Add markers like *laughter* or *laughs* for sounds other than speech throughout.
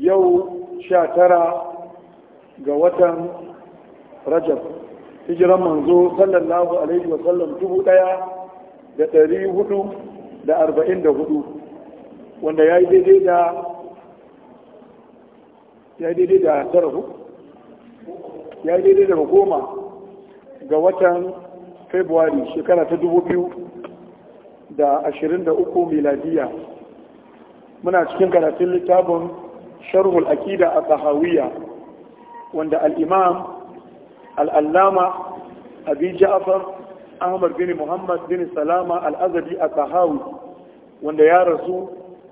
yau sha tara ga watan rajab hijiran manzo sallallahu alaihi wa sallam, dubu daya da dari hudu da arba'in da hudu wanda ya yi daidai da ya yi daidai da tara ya yi daidai da goma ga watan februari shekara ta dubu biyu da ashirin da uku miladiya muna cikin karatun littafin sharh akida a at wanda al-imam al-allama ja'far ahmad bin muhammad bin salama al-azadi at-tahawi wanda ya rasu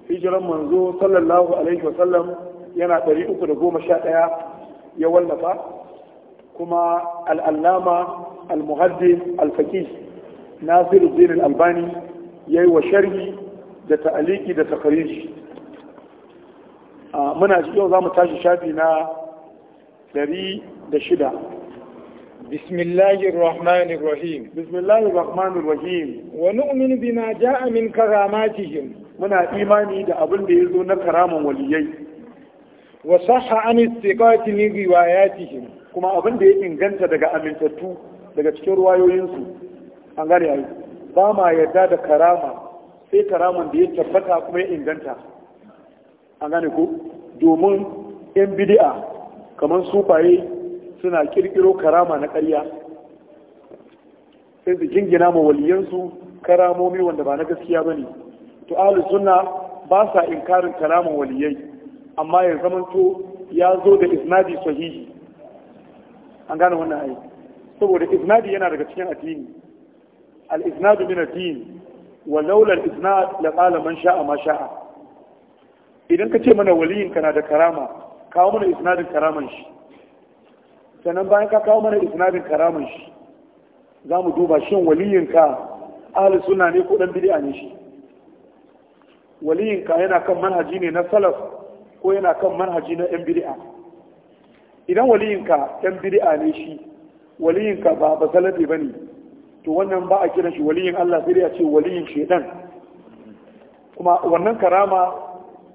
hijiran manzo sallallahu alaihi wasallam yana 311 ya wallafa kuma al-allama al-muhaddis al-faqih nasiruddin al-albani yayi wa sharhi da ta'aliki da takhrij muna ji yau za mu tashi shafi na 106 bismillahirrahmanirrahim bismillahirrahmanirrahim wa nu'minu bima ja'a min karamatihim muna imani da abin da yazo na karaman waliyai wa sahha an istiqati min riwayatihim kuma abin da ya inganta daga amintattu daga cikin ruwayoyin su an gane ba ma yadda da karama sai karaman da ya tabbata kuma ya inganta A gane ku. domin yan bidi'a kamar sufaye suna kirkiro karama na ƙarya sai su jingina ma waliyansu karamomi wanda ba na gaskiya ba ne to ahlus suna ba sa inkarin karamin waliyai amma ya zamanto ya zo da isnadi sahihi an gane wannan aiki. saboda isnadi yana daga cikin addini al-isnadu min a wa laula al-isnad la qala man sha'a ma sha'a idan ka ce mana waliyin kana da karama kawo mana isnadin karaman shi sannan bayan ka kawo mana isnadin karaman shi za mu duba shin waliyin ka ahli suna ne ko dan bid'a ne shi waliyin ka yana kan manhaji ne na salaf ko yana kan manhaji na yan bid'a idan waliyin ka yan bid'a ne shi waliyin ka ba ba salafi bane to wannan ba a kiran shi waliyin Allah sai dai a ce waliyin shedan kuma wannan karama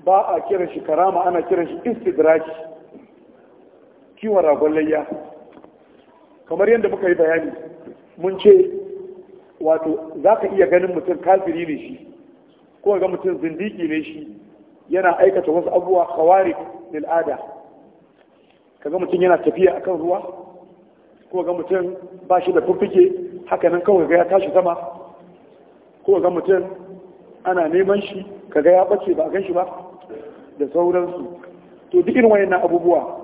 ba a kiran shi karama ana kiran shi istidraki kiwon ragon layya kamar yadda muka yi bayani mun ce wato za ka iya ganin mutum kafiri ne shi ko ga mutum zindiki ne shi yana aikata wasu abubuwa kawari lil'ada ga mutum yana tafiya akan ruwa ko ga mutum ba shi da fuffike haka nan kawai ga ya tashi sama ko ga mutum ana neman shi kaga ya ɓace ba a gan shi ba da sauransu to duk irin wayannan abubuwa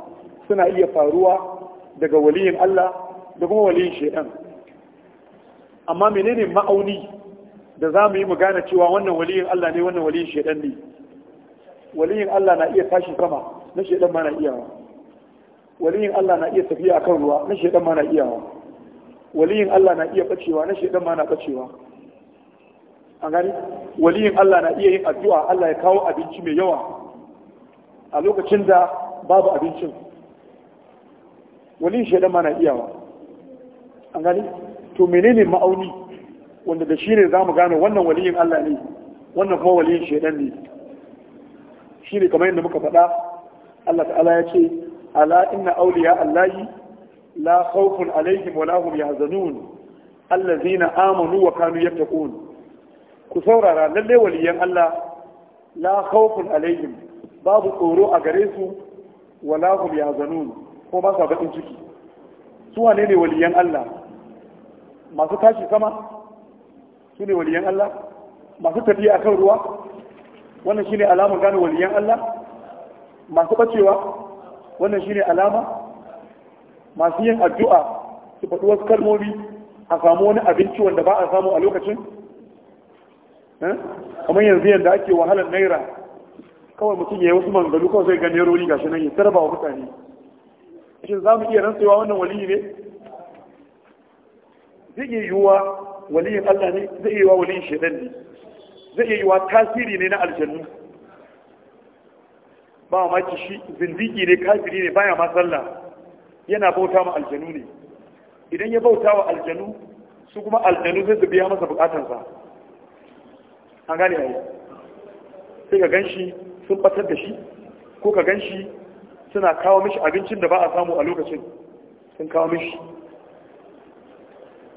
suna iya faruwa daga waliyin Allah da kuma waliyin shaidan amma menene ma'auni da za mu yi mu gane cewa wannan waliyin Allah ne wannan waliyin shaidan ne waliyin Allah na iya tashi sama na shaidan ma na iyawa waliyin Allah na iya tafiya akan ruwa na shaidan ma na iyawa waliyin Allah na iya bacewa na shaidan ma na bacewa an gani waliyin Allah na iya yin addu'a Allah ya kawo abinci mai yawa a lokacin da babu abincin wani shaidan mana iyawa an gani to menene ma'auni wanda da shi ne za mu gane wannan waliyin Allah ne wannan kuma waliyin shaidan ne shi ne kamar yadda muka faɗa Allah ta'ala ya ce ala inna awliya allahi la khawfun alaihim wa lahum yahzanun allazina amanu wa kanu yattaqun ku saurara lalle waliyan Allah la khawfun alaihim babu tsoro a gare su wala hum zanu ko ba sa bakin ciki su wane ne waliyan Allah masu tashi sama su ne waliyan Allah masu tafiya a kan ruwa wannan shine alamun gane waliyan Allah masu bacewa wannan shine alama masu yin addu'a su faɗi wasu kalmomi a samu wani abinci wanda ba a samu a lokacin eh? kamar yanzu yadda ake wahalar naira kawai mutum ya yi wasu mangalu kawai sai gane roli gashi nan ya tarba wa mutane shi za mu iya rantsewa wannan waliyi ne zai iya yiwuwa waliyin Allah ne zai iya yiwuwa waliyin shaidan ne zai iya yiwuwa tasiri ne na aljannu ba ma ki shi zindiki ne kafiri ne baya ma sallah yana bauta ma aljanu ne idan ya bauta wa aljanu su kuma aljanu zai su biya masa bukatansa an gane yi sai ka ganshi sun batar da shi ko ka gan shi suna kawo mishi abincin da ba a samu a lokacin sun kawo mishi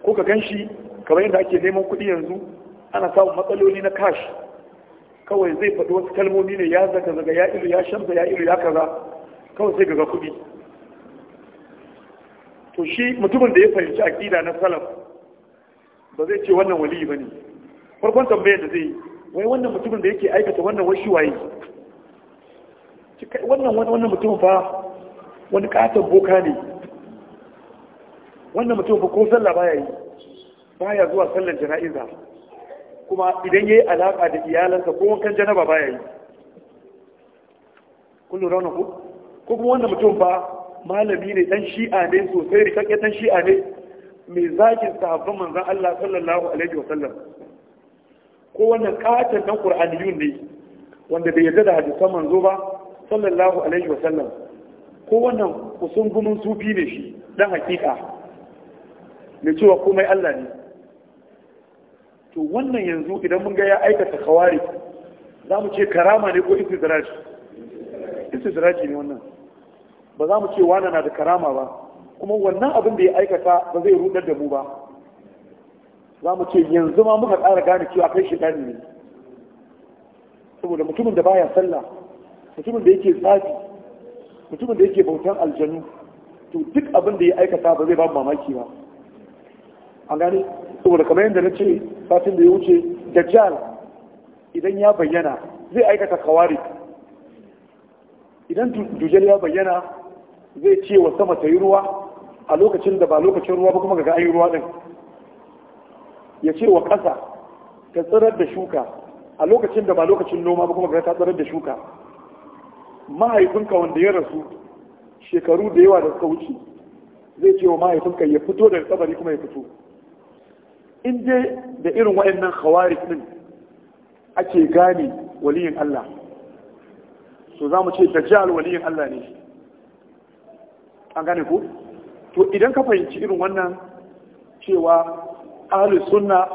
ko ka gan shi kamar yadda ake neman kuɗi yanzu ana samun matsaloli na cash kawai zai faɗi wasu kalmomi ne ya zaga zaga ya ilu ya shamsa ya ilu ya kaza kawai sai gaga kuɗi to shi mutumin da ya fahimci aƙida na salaf ba zai ce wannan wali ba ne farkon tambayar da zai yi wai wannan mutumin da yake aikata wannan washi waye wannan wannan mutum fa wani katon boka ne wannan mutum fa ko sallah baya yi baya zuwa sallar jana'iza kuma idan yayi alaka da iyalansa ko wankan janaba baya yi kun lura ku ko ko kuma wannan mutum fa malami ne dan shi'a ne sosai rikakken dan shi'a ne mai zakin sahabban manzon Allah sallallahu alaihi wasallam ko wannan katon dan qur'aniyun ne wanda bai yarda da hadisan manzo ba sallallahu alaihi wa sallam ko wannan kusungumin sufi ne shi dan hakika ne cewa komai Allah ne to wannan yanzu idan mun ga ya aikata kawari za mu ce karama ne ko istidraji istidraji ne wannan ba za mu ce wani na da karama ba kuma wannan abin da ya aikata ba zai rudar da mu ba za mu ce yanzu ma muka tsara gane cewa kai shi ne saboda mutumin da baya sallah mutumin da yake tsafi mutumin da yake bautan aljanu to duk abin da ya aikata ba zai ba mamaki ba A gane saboda kamar yadda na ce satin da ya wuce dajjal idan ya bayyana zai aikata kawari idan dujjal ya bayyana zai ce wa sama ta yi ruwa a lokacin da ba lokacin ruwa ba kuma ga ayi ruwa din ya ce wa ƙasa ta tsirar da shuka a lokacin da ba lokacin noma ba kuma ga ta tsirar da shuka mahaifinka wanda ya rasu shekaru da yawa da suka wuce zai ce wa mahaifinka ya fito daga tsabari kuma ya fito in dai da irin waɗannan khawarij din ake gane waliyin Allah so za mu ce dajjal waliyin Allah ne an gane ku to idan ka fahimci irin wannan cewa ahlus sunna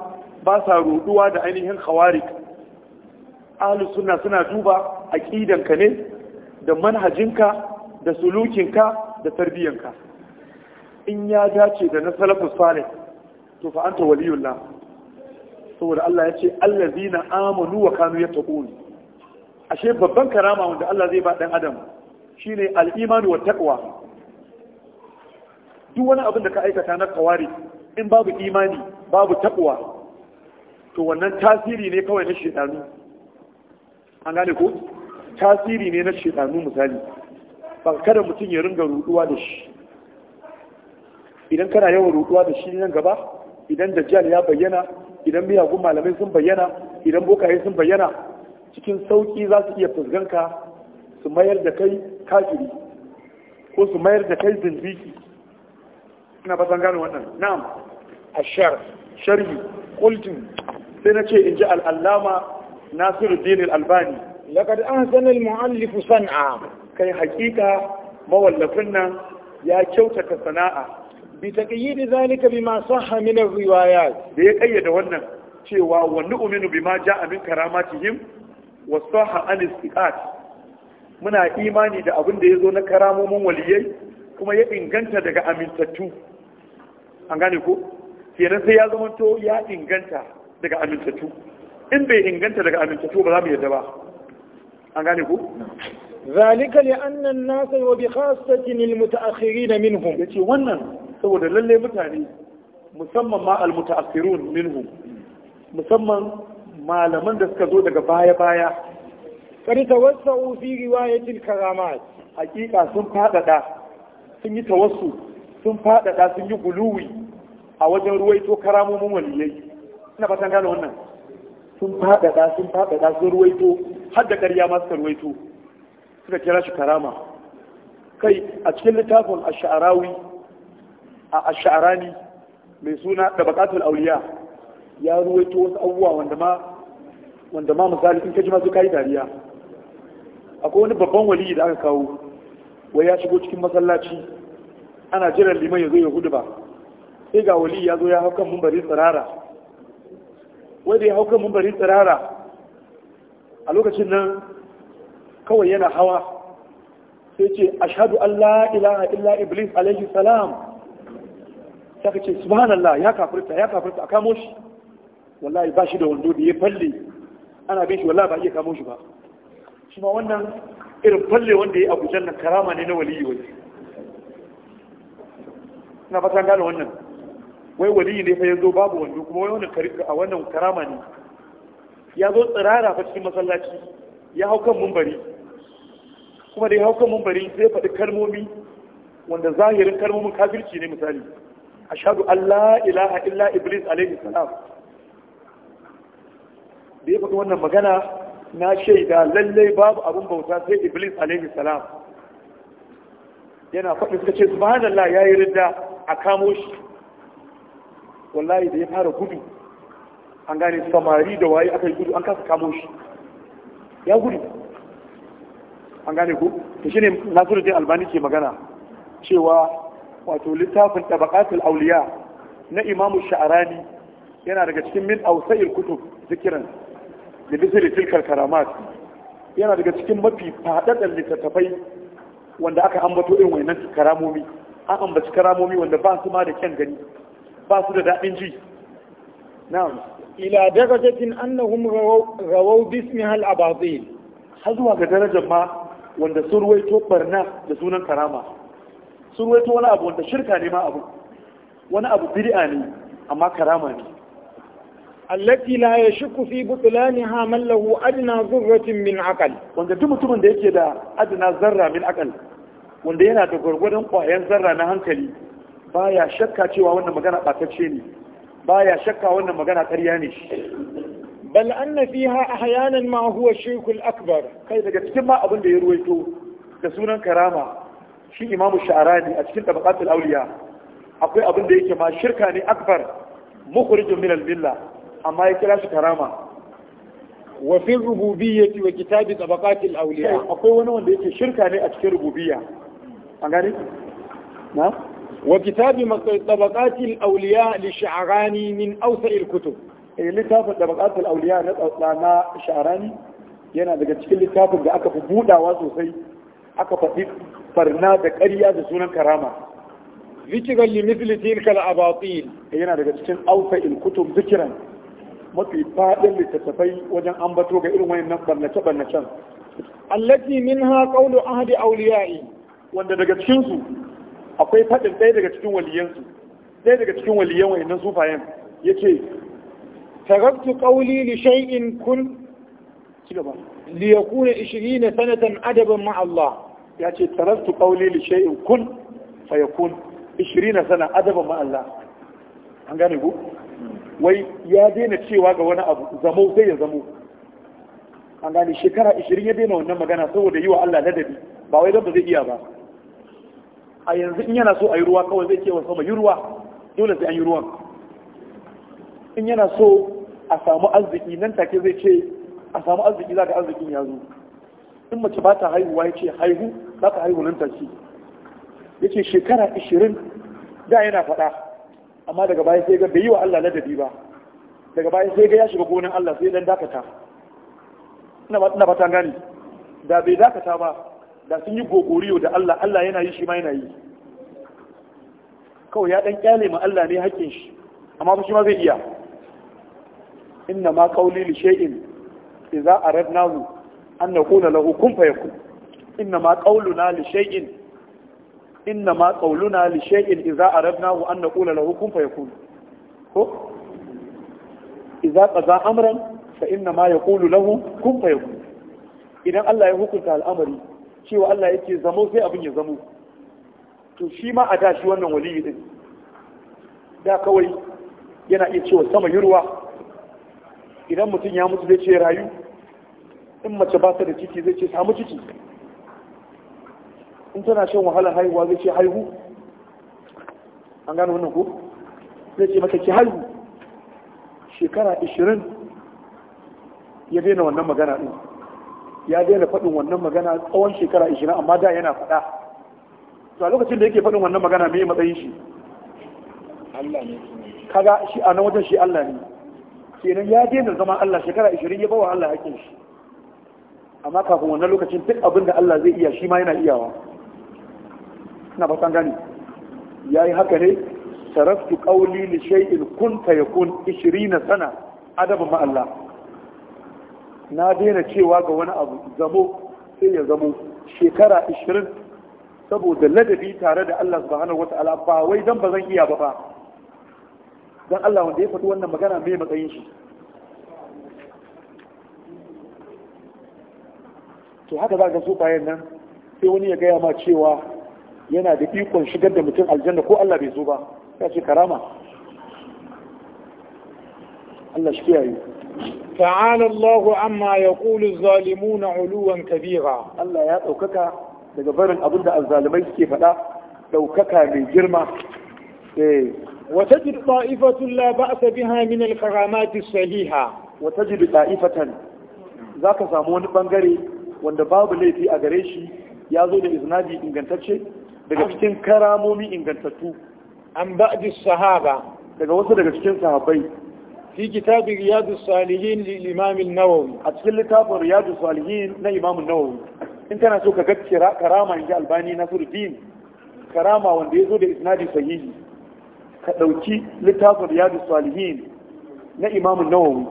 ba sa roduwa da ainihin khawarij ahlus sunna suna duba aqidanka ne da manhajinka da sulukinka da tarbiyyanka in ya dace da na salafus salih to fa anta waliyullah saboda Allah ya ce allazina amanu wa kanu yattaqun ashe babban karama wanda Allah zai ba dan adam shine al-iman wa taqwa duk wani abin da ka aikata na kawari in babu imani babu taqwa to wannan tasiri ne kawai na shedanu an gane ko tasiri ne na shedanu misali ba kada mutum ya ringa ruduwa da shi idan kana yawan ruduwa da shi nan gaba idan dajjal ya bayyana idan miyagun malamai sun bayyana idan bokaye sun bayyana cikin sauki za su iya fusganka su mayar da kai kafiri ko su mayar da kai zinziki ina basan gano wannan na'am ashar sharhi qultu sai nace in ji al Nasiru nasiruddin al-albani laqad ahsana al-mu'allif san'a kai hakika mawallafin nan ya kyautata sana'a bi taqyid zalika bima sahha min ar-riwayat da ya kayyada wannan cewa wa nu'minu bima ja'a min karamatihim wa sahha an istiqat muna imani da abin da zo na karamomin waliyai kuma ya inganta daga amintattu an gane ko kenan sai ya zamanto ya inganta daga amintattu in bai inganta daga amintattu ba za mu yadda ba an gane ku zalika li anna an-nasa wa bi khassatin al-mutaakhirin minhum yace wannan saboda lalle mutane musamman ma al-mutaakhirun minhum musamman malaman da suka zo daga baya baya kari tawassu fi riwayatil karamat hakika sun fadada sun yi tawassu sun fadada sun yi guluwi a wajen ruwaito karamomin waliyai ina fatan gane wannan sun fadada sun fadada sun ruwaito har ƙarya ma karwaito suka kira shi karama kai a cikin littafin ash'arawi a ash'arani mai suna da bakatul auliya ya ruwaito wasu abubuwa wanda ma wanda ma misali in ka masu dariya akwai wani babban waliyi da aka kawo wai ya shigo cikin masallaci ana jiran liman ya zo ya hudu ba sai ga wali ya zo ya hau kan mumbarin tsirara wai da ya hau kan mumbarin tsirara a lokacin nan kawai yana hawa sai ce ashadu Allah ilaha illa iblis alaihi salam saka ce subhanallah ya kafirta ya kafirta a kamo shi wallahi ba shi da wando da ya falle ana bin shi wallahi ba iya kamo shi ba shi ma wannan irin falle wanda ya abu jannan karama ne na waliyu wai na fatan gane wannan wai waliyu ne fa yanzu babu wando kuma wai wannan a wannan karama ne ya zo tsirara fa cikin masallaci ya hau kan mumbari kuma da ya hau kan mumbari zai faɗi kalmomi wanda zahirin kalmomin kafirci ne misali A shaɗu Allah ilaha illa iblis alaihi salam da ya faɗi wannan magana na shaida lallai babu abin bauta sai iblis alaihi salam yana faɗi suka ce ya yi ridda a kamo shi wallahi da ya fara gudu an gane samari da waye aka yi gudu an kasa kamo shi ya gudu an gane ku to shine Nasiruddin Albani ke magana cewa wato littafin Tabaqatul Awliya na Imamu sha'arani yana daga cikin min awsa'il kutub zikiran da bisiri tilkar karamat yana daga cikin mafi fadadan littattafai wanda aka ambato irin wannan karamomi an ambaci karamomi wanda ba su ma da kyan gani ba su da daɗin ji na'am ila darajatin annahum rawaw bismiha al-abatil har zuwa ga darajar ma wanda sun ruwaito barna da sunan karama sun ruwaito wani abu wanda shirka ne ma abu wani abu bid'a ne amma karama ne allati la yashku fi butlaniha man lahu adna zurratin min aqal wanda duk mutumin da yake da adana zarra min aqal wanda yana da gwargwadon kwayan zarra na hankali baya shakka cewa wannan magana batacce ne baya shakka wannan magana ƙarya ne bal anna fiha ahyanan ma huwa shaykhul akbar kai daga cikin ma abin da ya ruwaito da sunan karama shi imamu sha'arani a cikin tabaqatul awliya akwai abin da yake ma shirka ne akbar mukhrijun min al-milla amma ya kira shi karama wa fi rububiyyati wa kitabi tabaqatil awliya akwai wani wanda yake shirka ne a cikin rububiyya an gane na وكتاب طبقات الأولياء للشعراني من أوسع الكتب littafin tabaqatul auliya na tsatsa na sharani yana daga cikin littafin da aka fi budawa sosai aka faɗi farna da ƙarya da sunan karama zikiran limithli tilkal abatil yana daga cikin aufa il kutub zikiran mafi faɗin littattafai wajen ambato ga irin wayannan barnace barnacen allati minha qawlu ahadi awliya'i wanda daga cikin su akwai faɗin ɗaya daga cikin waliyansu ɗaya daga cikin waliyan wayannan sufayen yace taraktu ƙauli li shay'in kun cigaba li yakuna 20 sanatan adaban ma Allah yace taraktu ƙauli li shay'in kun fayakun 20 sana adaban ma Allah an gane ku wai ya daina cewa ga wani abu zamo sai ya zamo an gane shekara 20 ya daina wannan magana saboda yi wa Allah ladabi ba wai don ba zai iya ba a yanzu in yana so a yi ruwa kawai zai kewa wa sama yi ruwa dole sai an yi ruwan in yana so a samu arziki nan take zai ce a samu arziki za ka arzikin ya zo in mace ba ta haihuwa ya ce haihu za ka haihu nan take ya ce shekara 20 da yana faɗa amma daga baya sai ga bai yi wa Allah ladabi ba daga baya sai ga ya shiga gonan Allah sai dan dakata ina ba ta gani da bai dakata ba da sun yi gogoriyo da Allah Allah yana yi shi ma yana yi kawai ya dan kyale ma Allah ne haƙƙin shi amma fa shi ma zai iya inna ma qawli li shay'in idza aradnahu an naqula lahu kun fayakun inna ma qawluna li shay'in inna ma qawluna li shay'in idza aradnahu an naqula lahu kun fayakun ko idza qada amran fa inna ma yaqulu lahu kun fayakun idan Allah ya hukunta al'amari cewa Allah yake zamo sai abin ya zamo to shi ma a dashi wannan waliyi din da kawai yana iya cewa sama yi idan mutum ya mutu zai ce rayu in mace ba ta da ciki zai ce samu ciki in tana shan wahalar haihuwa zai ce haihu an gano wannan ko zai ce mata ki haihu shekara 20 ya daina wannan magana din ya daina faɗin wannan magana tsawon shekara ishirin amma da yana faɗa to a lokacin da yake faɗin wannan magana me matsayin shi Allah ne kaga shi a nan wajen shi Allah ne kenan ya daina zama Allah shekara ishirin ya bawa Allah hakkin shi amma kafin wannan lokacin duk abin da Allah zai iya shi ma yana iyawa ina ba san gani yi haka ne sarastu ƙauli li shay'in kunta yakun 20 sana adabin ma Allah na daina cewa ga wani abu zamo sai ya zamo shekara 20 saboda ladabi tare da Allah subhanahu wata'ala ba wai dan ba zan iya ba ba dan Allah wanda ya faɗi wannan magana mai matsayin shi to haka za ka so bayan nan sai wani ya gaya ma cewa yana da ikon shigar da mutum aljanna ko Allah bai zo ba ya ce karama Allah shi kiyaye تعالى الله عما يقول الظالمون علوا كبيرا الله ya ɗaukaka daga barin abin da azzalibai suke fada daukaka mai girma watajid ta'ifatun la ba'sa biha min al-karamat as-sahiha watajid ta'ifatan zaka samu wani bangare wanda babu laifi a gare shi ya zo da iznadi ingantacce daga cikin karamomi ingantattu an ba'd as-sahaba daga wasu daga cikin sahabai. fi kitabin riyadu salihin limamin nawawi a cikin littafin riyadu salihin na imamun nawawi in tana so ka gaskira karama in ji albani na surdin karama wanda ya zo da isnadi sahihi ka ɗauki littafin riyadu salihin na imamun nawawi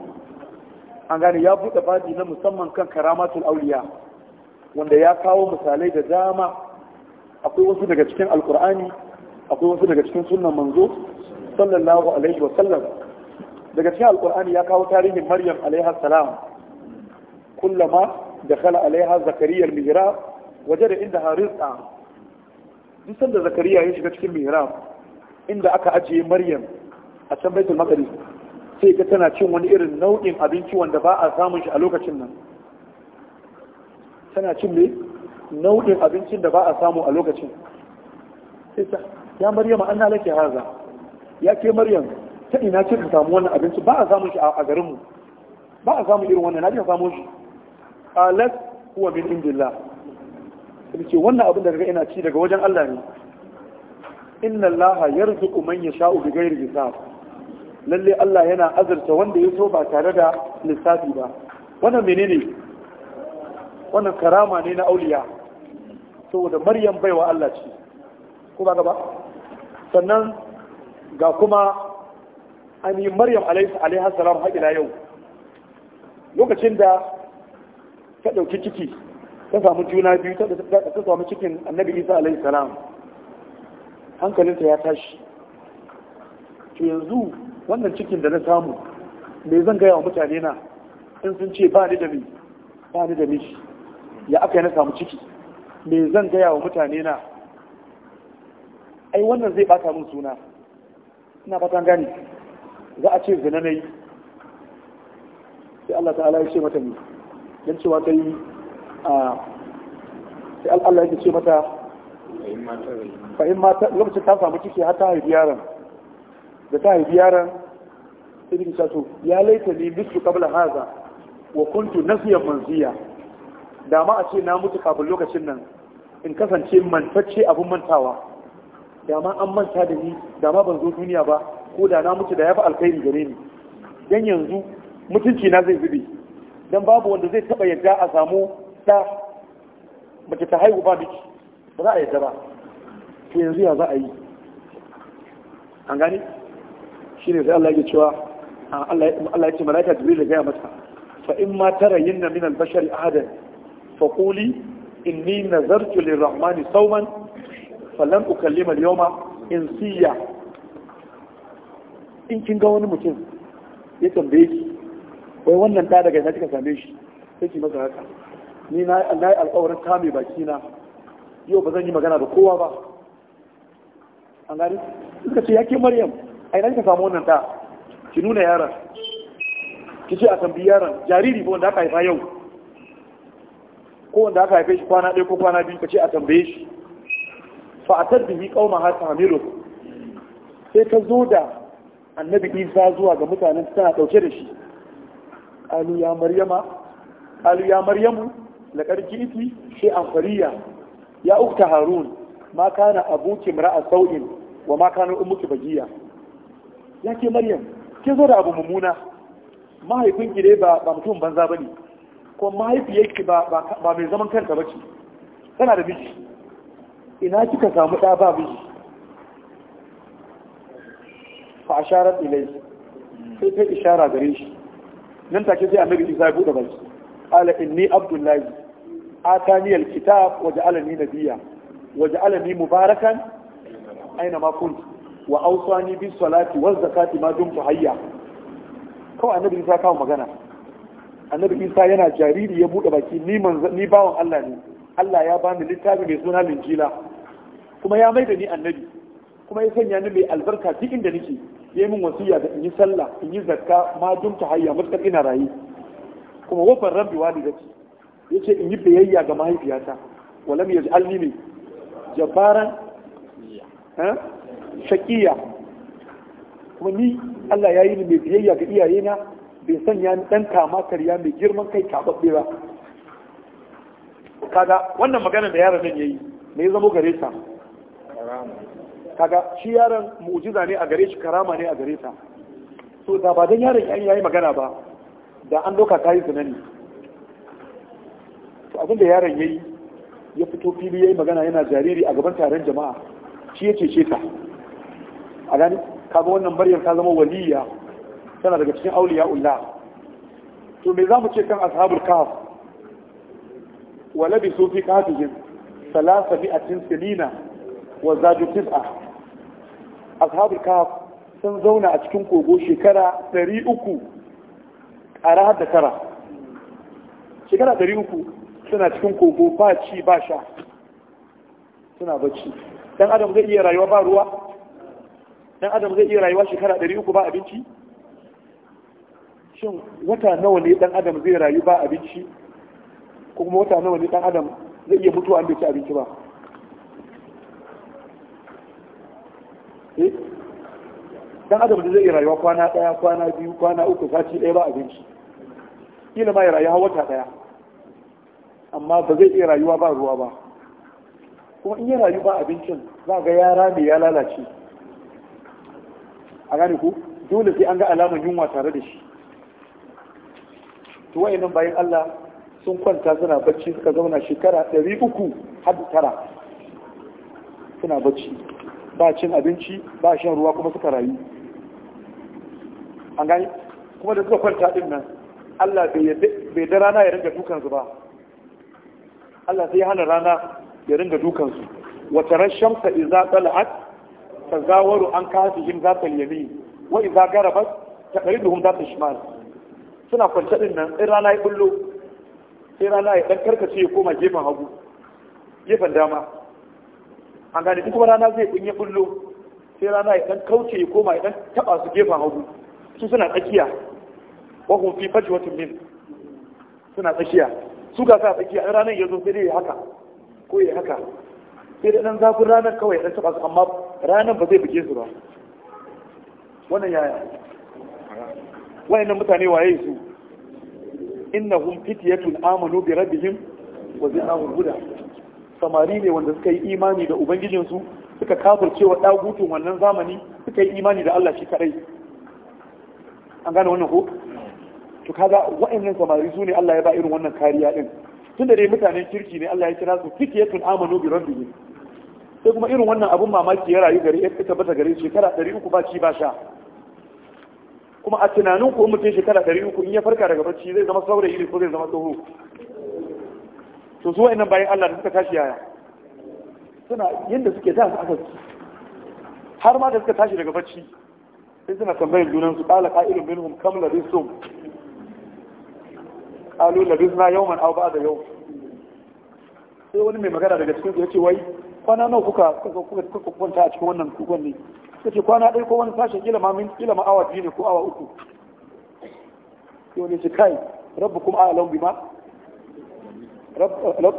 an gane ya buɗe baji na musamman kan karamatul auliya wanda ya kawo misalai da dama akwai wasu daga cikin alkur'ani akwai wasu daga cikin sunnan manzo sallallahu alaihi wa sallam daga cikin alkur'ani ya kawo tarihin maryam alaiha salam kullama da kala alaiha zakariya mihrab waje da inda harisa duk sanda zakariya ya shiga cikin mihrab inda aka ajiye maryam a can baitul maqdis sai ka tana cin wani irin nau'in abinci wanda ba a samun shi a lokacin nan tana cin ne nau'in abincin da ba a samu a lokacin sai ta ya maryam anna laki haza ya ke maryam ta ina ce ka samu wannan abinci ba a samun shi a garinmu ba a samun irin wannan na ka samu shi qalat huwa min Indila. sai ce wannan abin da daga ina ci daga wajen Allah ne inna ya yarzuqu man yasha'u ya hisab lalle Allah yana azurta wanda ya so ba tare da lissafi ba wannan menene wannan karama ne na auliya saboda maryam baiwa Allah ce ko ba gaba sannan ga kuma ani maryam alaiha salam har ila yau lokacin da ta ɗauki ciki ta samu juna biyu ta samu cikin annabi isa alaihi salam hankalinta ya tashi to yanzu wannan cikin da na samu me zan gaya wa mutane na in sun ce ba ni da mi ba ni da mi ya aka yi na samu ciki me zan gaya wa mutane na ai wannan zai bata min suna ina fatan gani za a ce zina na yi sai Allah ta'ala ya ce mata ne don cewa ta yi a sai Allah ya ce mata fa'in mata lokacin ta samu ciki har ta haifi yaron da ta haifi yaron sai ta ya laita ne mitu kabla haza wa kuntu nasiyan manziya da ma a ce na mutu kafin lokacin nan in kasance mantacce abin mantawa da ma an manta da ni da ma ban zo duniya ba ko da na mutu da ya fi alkhairi gare ni dan yanzu mutunci na zai zube dan babu wanda zai taba yadda a samu da mace ta haihu ba miki ba za a yadda ba to yanzu ya za a yi an gani shine sai Allah ya cewa Allah ya ce malaika jibril ya gaya masa fa in ma yin min al-bashari ahadan fa quli inni nazartu lir-rahmani sawman falan ukallima al in siya. in kin ga wani mutum ya tambaye ki wai wannan da daga ina kika same shi sai ki masa haka ni na yi alƙawarin kame baki na yau ba zan yi magana da kowa ba an gani suka ce yake maryam a ina kika samu wannan da ki nuna yaron ki ce a tambayi yaron jariri ko wanda aka haifa yau ko wanda aka haife shi kwana ɗaya ko kwana biyu ka ce a tambaye shi fa a tabbihi kauma har tahmilu sai ka zo da annabi isa zuwa ga mutanen suna ɗauke da shi Aliyu ya maryama qalu ya maryamu laqad ji'ti shi ya ukta harun ma kana abuki mar'a sau'in wa ma kana ummuki bagiya yake maryam ke zo da abu mummuna mahaifinki dai ba mutum banza bane ko mahaifiyarki ba ba mai zaman kanta bace tana da miji ina kika samu ɗa ba miji fa asharat ilayhi sai ta ishara gare shi nan take sai annabi Isa ya bude baki qala inni abdullahi atani alkitab wa ja'alani nabiyya wa ja'alani mubarakan aina ma kuntu wa awsani bis salati waz zakati ma dumtu hayya kawai annabi Isa kawo magana annabi Isa yana jariri ya bude baki ni manzan ni bawon Allah ne Allah ya bani littafi mai suna linjila kuma ya maida ni annabi kuma ya sanya ni mai albarka duk inda nake ya min wasiya da in yi sallah in yi zakka ma ta hayya matakar ina rayu kuma wafan rabbi walidati yace in yi biyayya ga mahaifiyata walam yaj'alni min jabaran ha kuma ni Allah ya yi ni mai biyayya ga iyayena bai sanya ni dan kama karya mai girman kai tababbe ba kaga wannan magana da yaron nan yayi me ya zamo gare sa kaga shi yaron mu'jiza ne a gare shi karama ne a gare ta so da ba dan yaron yan yayi magana ba da an doka ta yi zinani to abin da yaron yayi ya fito fili yayi magana yana jariri a gaban taron jama'a shi ya cece ta a gani kaga wannan maryar ta zama waliya tana daga cikin auliya'ullah to me za mu ce kan ashabul kahf wa labisu fi kahfihim salasa a wa zadu tis'a ashabul kaf sun zauna a cikin kogo shekara 300 rahar da tara shekara 300 suna cikin kogo ba ci ba sha suna bacci dan adam zai iya rayuwa ba ruwa dan adam zai iya rayuwa shekara 300 ba abinci shin wata nawa ne dan adam zai rayu ba abinci kuma wata nawa ne dan adam zai iya mutuwa an bai ci abinci ba Eh? dan adam da zai rayuwa kwana daya kwana biyu kwana uku sati daya ba abinci kila ma ya rayu wata daya amma ba zai iya rayuwa ba ruwa ba kuma in ya rayu ba abincin za ga yara ne ya lalace a gane ku dole sai an ga alamar yunwa tare da shi to nan bayan Allah sun kwanta suna bacci suka zauna shekara 300 har tara suna bacci ba cin abinci ba shan ruwa kuma suka rayu an gani kuma da suka kwanta din nan Allah bai da rana ya ringa dukansu ba Allah sai ya hana rana ya ringa dukansu wata rashin ta iza tsala'at ta zawaru an yin za ta yami wa iza garabat ta kariduhum za ta shimar suna kwanta din nan in rana ya bullo sai rana ya ɗan karkace ya koma gefen hagu gefen dama an gane duk rana zai kunye bullo sai rana ya dan kauce ya koma ya dan taba su gefen hagu su suna tsakiya wa hum fi fajwatin min suna tsakiya su ga sa tsakiya in ranar yanzu sai dai haka ko ya haka sai da dan zafin ranar kawai dan taba su amma ranar ba zai buge su ba wannan yaya wayannan mutane waye su innahum fityatun amanu bi rabbihim wa zidnahum huda samari ne wanda suka yi imani da ubangijinsu suka kafirce wa ɗagutun wannan zamani suka yi imani da Allah shi kadai an gane wannan ko to kaga wa'annan samari su ne Allah ya ba irin wannan kariya din da dai mutanen kirki ne Allah ya kira su fitiyatun amanu bi rabbihim sai kuma irin wannan abun mamaki ya rayu gari ya tabbata gari shekara 300 ba ci ba sha kuma a tunanin ko mutum shekara ɗari uku in ya farka daga bacci zai zama saurayi ne ko zai zama tsoho to su wa'annan bayan Allah da suka tashi yaya suna yadda suke za su aka har ma da suka tashi daga bacci sai suna tambayin dunan su qala qa'ilun minhum kam labistum qalu yau man aw da yau. sai wani mai magana daga cikin ya ce wai kwana nawa kuka kuka kwanta a cikin wannan kogon ne ce kwana ɗaya ko wani sashen kila ma min kila ma awa biyu ne ko awa uku sai wani ce kai rabbukum a'lam bima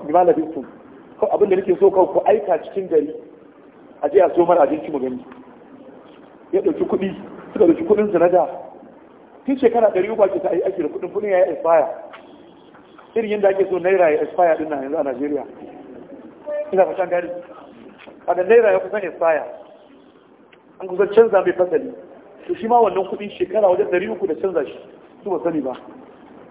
bima labistum ko abin da nake so kawai ku aika cikin gari a je a so mara abinci mu gani ya dauki kuɗi suka dauki kuɗin su na da tun shekara ɗari uku ake ta yi ake da kuɗin kuɗin ya yi expire irin yadda ake so naira ya expire ɗin na yanzu a Najeriya ina fashan gari kada naira ya kusan expire an kusan canza mai fasali to shi ma wannan kuɗin shekara wajen ɗari uku da canza shi su ba sani ba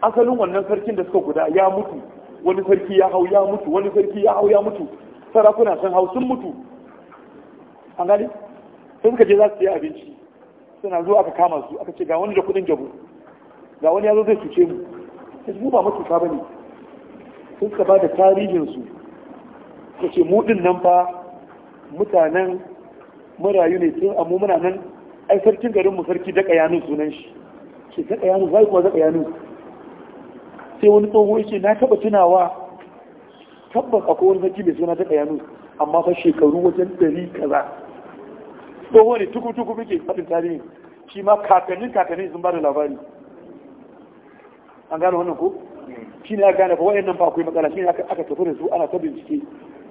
asalin wannan sarkin da suka guda ya mutu wani sarki ya hau ya mutu wani sarki ya hau ya mutu sarakuna sun hau sun mutu an gani sun suka je za su yi abinci suna zuwa aka kama su aka ce ga wani da kudin jabu ga wani ya zo zai cuce mu sai su ba mutu ba ne sun suka ba da su. ka ce mu din nan fa mutanen marayu ne sun amma muna nan ai sarkin garin mu sarki da kayanin sunan shi ce da kayanin zai kuwa ya kayanin sai wani tsoho yake na taba tunawa tabbas akwai wani sarki mai suna ta kayanu amma fa shekaru wajen ɗari kaza tsoho ne tuku-tuku muke faɗin tarihi shi ma kakannin kakannin sun ba da labari an gane wannan ko shi ne ya gane ba nan ba akwai matsala shi ne aka tafi da su ana ta bincike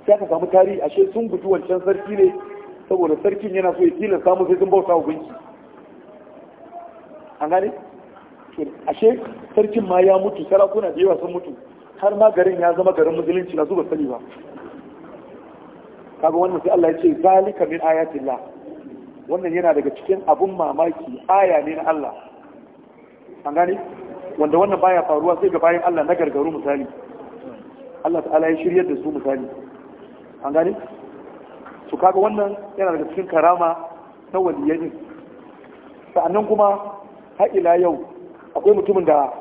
sai aka samu tarihi ashe sun guji wancan sarki ne saboda sarkin yana so ya tilasta musu sun bauta wa gunki an gane ashe sarkin ma ya mutu sarakuna da yawa sun mutu har ma garin ya zama garin musulunci na zuba sani ba kaga wannan sai Allah ya ce zalika min ayatillah wannan yana daga cikin abun mamaki aya ne na Allah an gane wanda wannan baya faruwa sai ga bayan Allah na gargaru misali Allah ta'ala ya shiryar da su misali an gane to kaga wannan yana daga cikin karama na waliyyin sa'annan kuma har ila yau akwai mutumin da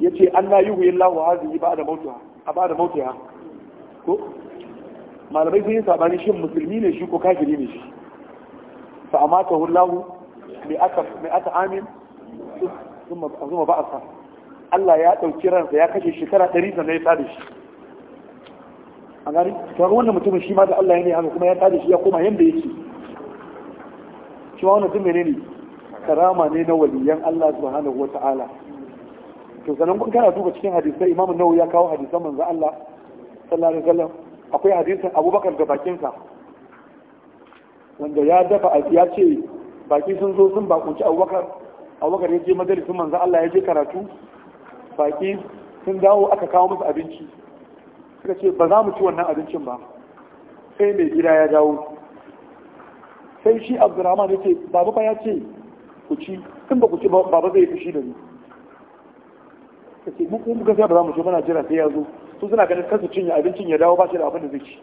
ya ce an na yi huyin lahu a ba da mautuwa a ba da mautuwa ko malamai sun yi sabani shi musulmi ne shi ko kafiri ne shi fa amata hullahu mai aka amin ma ba a sa Allah ya ɗauki ransa ya kashe shekara ɗari sannan ya tsada shi a gani to wannan mutumin shi ma da Allah ya ne haka kuma ya tada shi ya koma yadda yake shi ma wannan sun menene ne karama ne na waliyan Allah subhanahu ta'ala to sanan kun kana duba cikin hadisai imamu nawawi ya kawo hadisan manzo Allah sallallahu alaihi wasallam akwai hadisin Abubakar da sa wanda ya dafa ya ce baki sun zo sun bakunci Abubakar Abubakar ya je majalisin manzo Allah ya je karatu baki sun dawo aka kawo musu abinci suka ce ba za mu ci wannan abincin ba sai mai gida ya dawo sai shi abdurrahman ya ce babu fa ya ce ku ci in ba ku ci baba zai fushi da ni kace mun kun gaskiya ba za mu ci muna jira sai ya zo su suna ganin kansu cin abincin ya dawo ba shi da abin da zai ci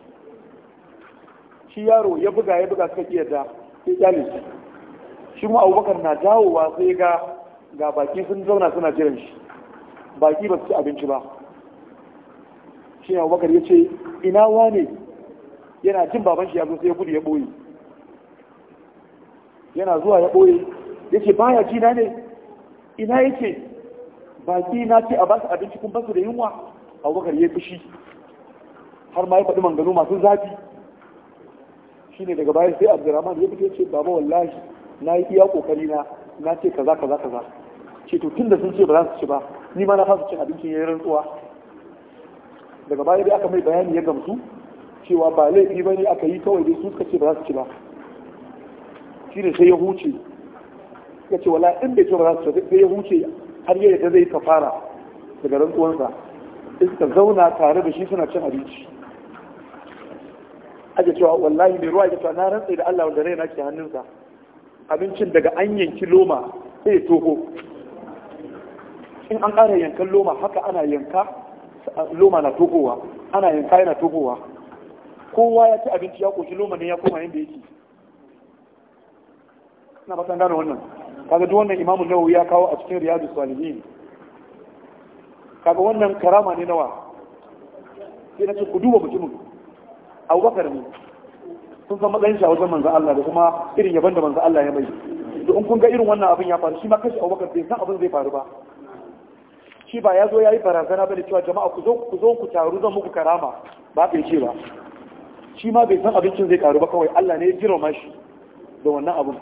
shi yaro ya buga ya buga suka kiyar da sai kyale shi shi mu abubakar na dawowa sai ga ga baki sun zauna suna jiran shi baki ba su ci abinci ba shi abubakar ya ce ina wane yana jin baban shi ya zo sai ya gudu ya ɓoye yana zuwa ya ɓoye yace baya jina ne ina yake baki na ce a ba su abinci kun ba su da yunwa abubakar ya fushi har ma ya faɗi mangano masu zafi Shi ne daga baya sai abdurrahman ya fito ce baba wallahi na yi iya kokari na na ce kaza kaza kaza ce to tun da sun ce ba za su ci ba ni ma na fasa cin abincin ya yi rantsuwa daga baya dai aka mai bayani ya gamsu cewa ba laifi ne aka yi kawai dai su suka ce ba za su ci ba ne sai ya huce ya ce wala inda ya ce ba su sai ya huce har ya yadda zai kafara daga rantsuwansa sai suka zauna tare da shi suna cin abinci ake cewa wallahi mai ruwa ya cewa na rantsa da Allah wanda raina ke hannunsa abincin daga an yanki loma sai ya toho in an ƙara yankan loma haka ana yanka loma na tohowa ana yanka yana tohowa kowa ya ci abinci ya ƙoshi loma ne ya koma yadda yake na ba gane wannan kaga duk wannan imamu nawawi ya kawo a cikin riyadu salihin kaga wannan karama ne nawa sai na ce ku duba mutumin abubakar ne sun san matsayin shi a wajen manzo Allah da kuma irin yaban da manzo Allah ya mai to in kun ga irin wannan abin ya faru shi ma kashi abubakar bai san abin zai faru ba shi ba ya zo ya yi barazana ba da cewa jama'a ku zo ku zo ku taru zan muku karama ba ka ce ba shi ma bai san abincin zai karu ba kawai Allah ne ya jira shi da wannan abin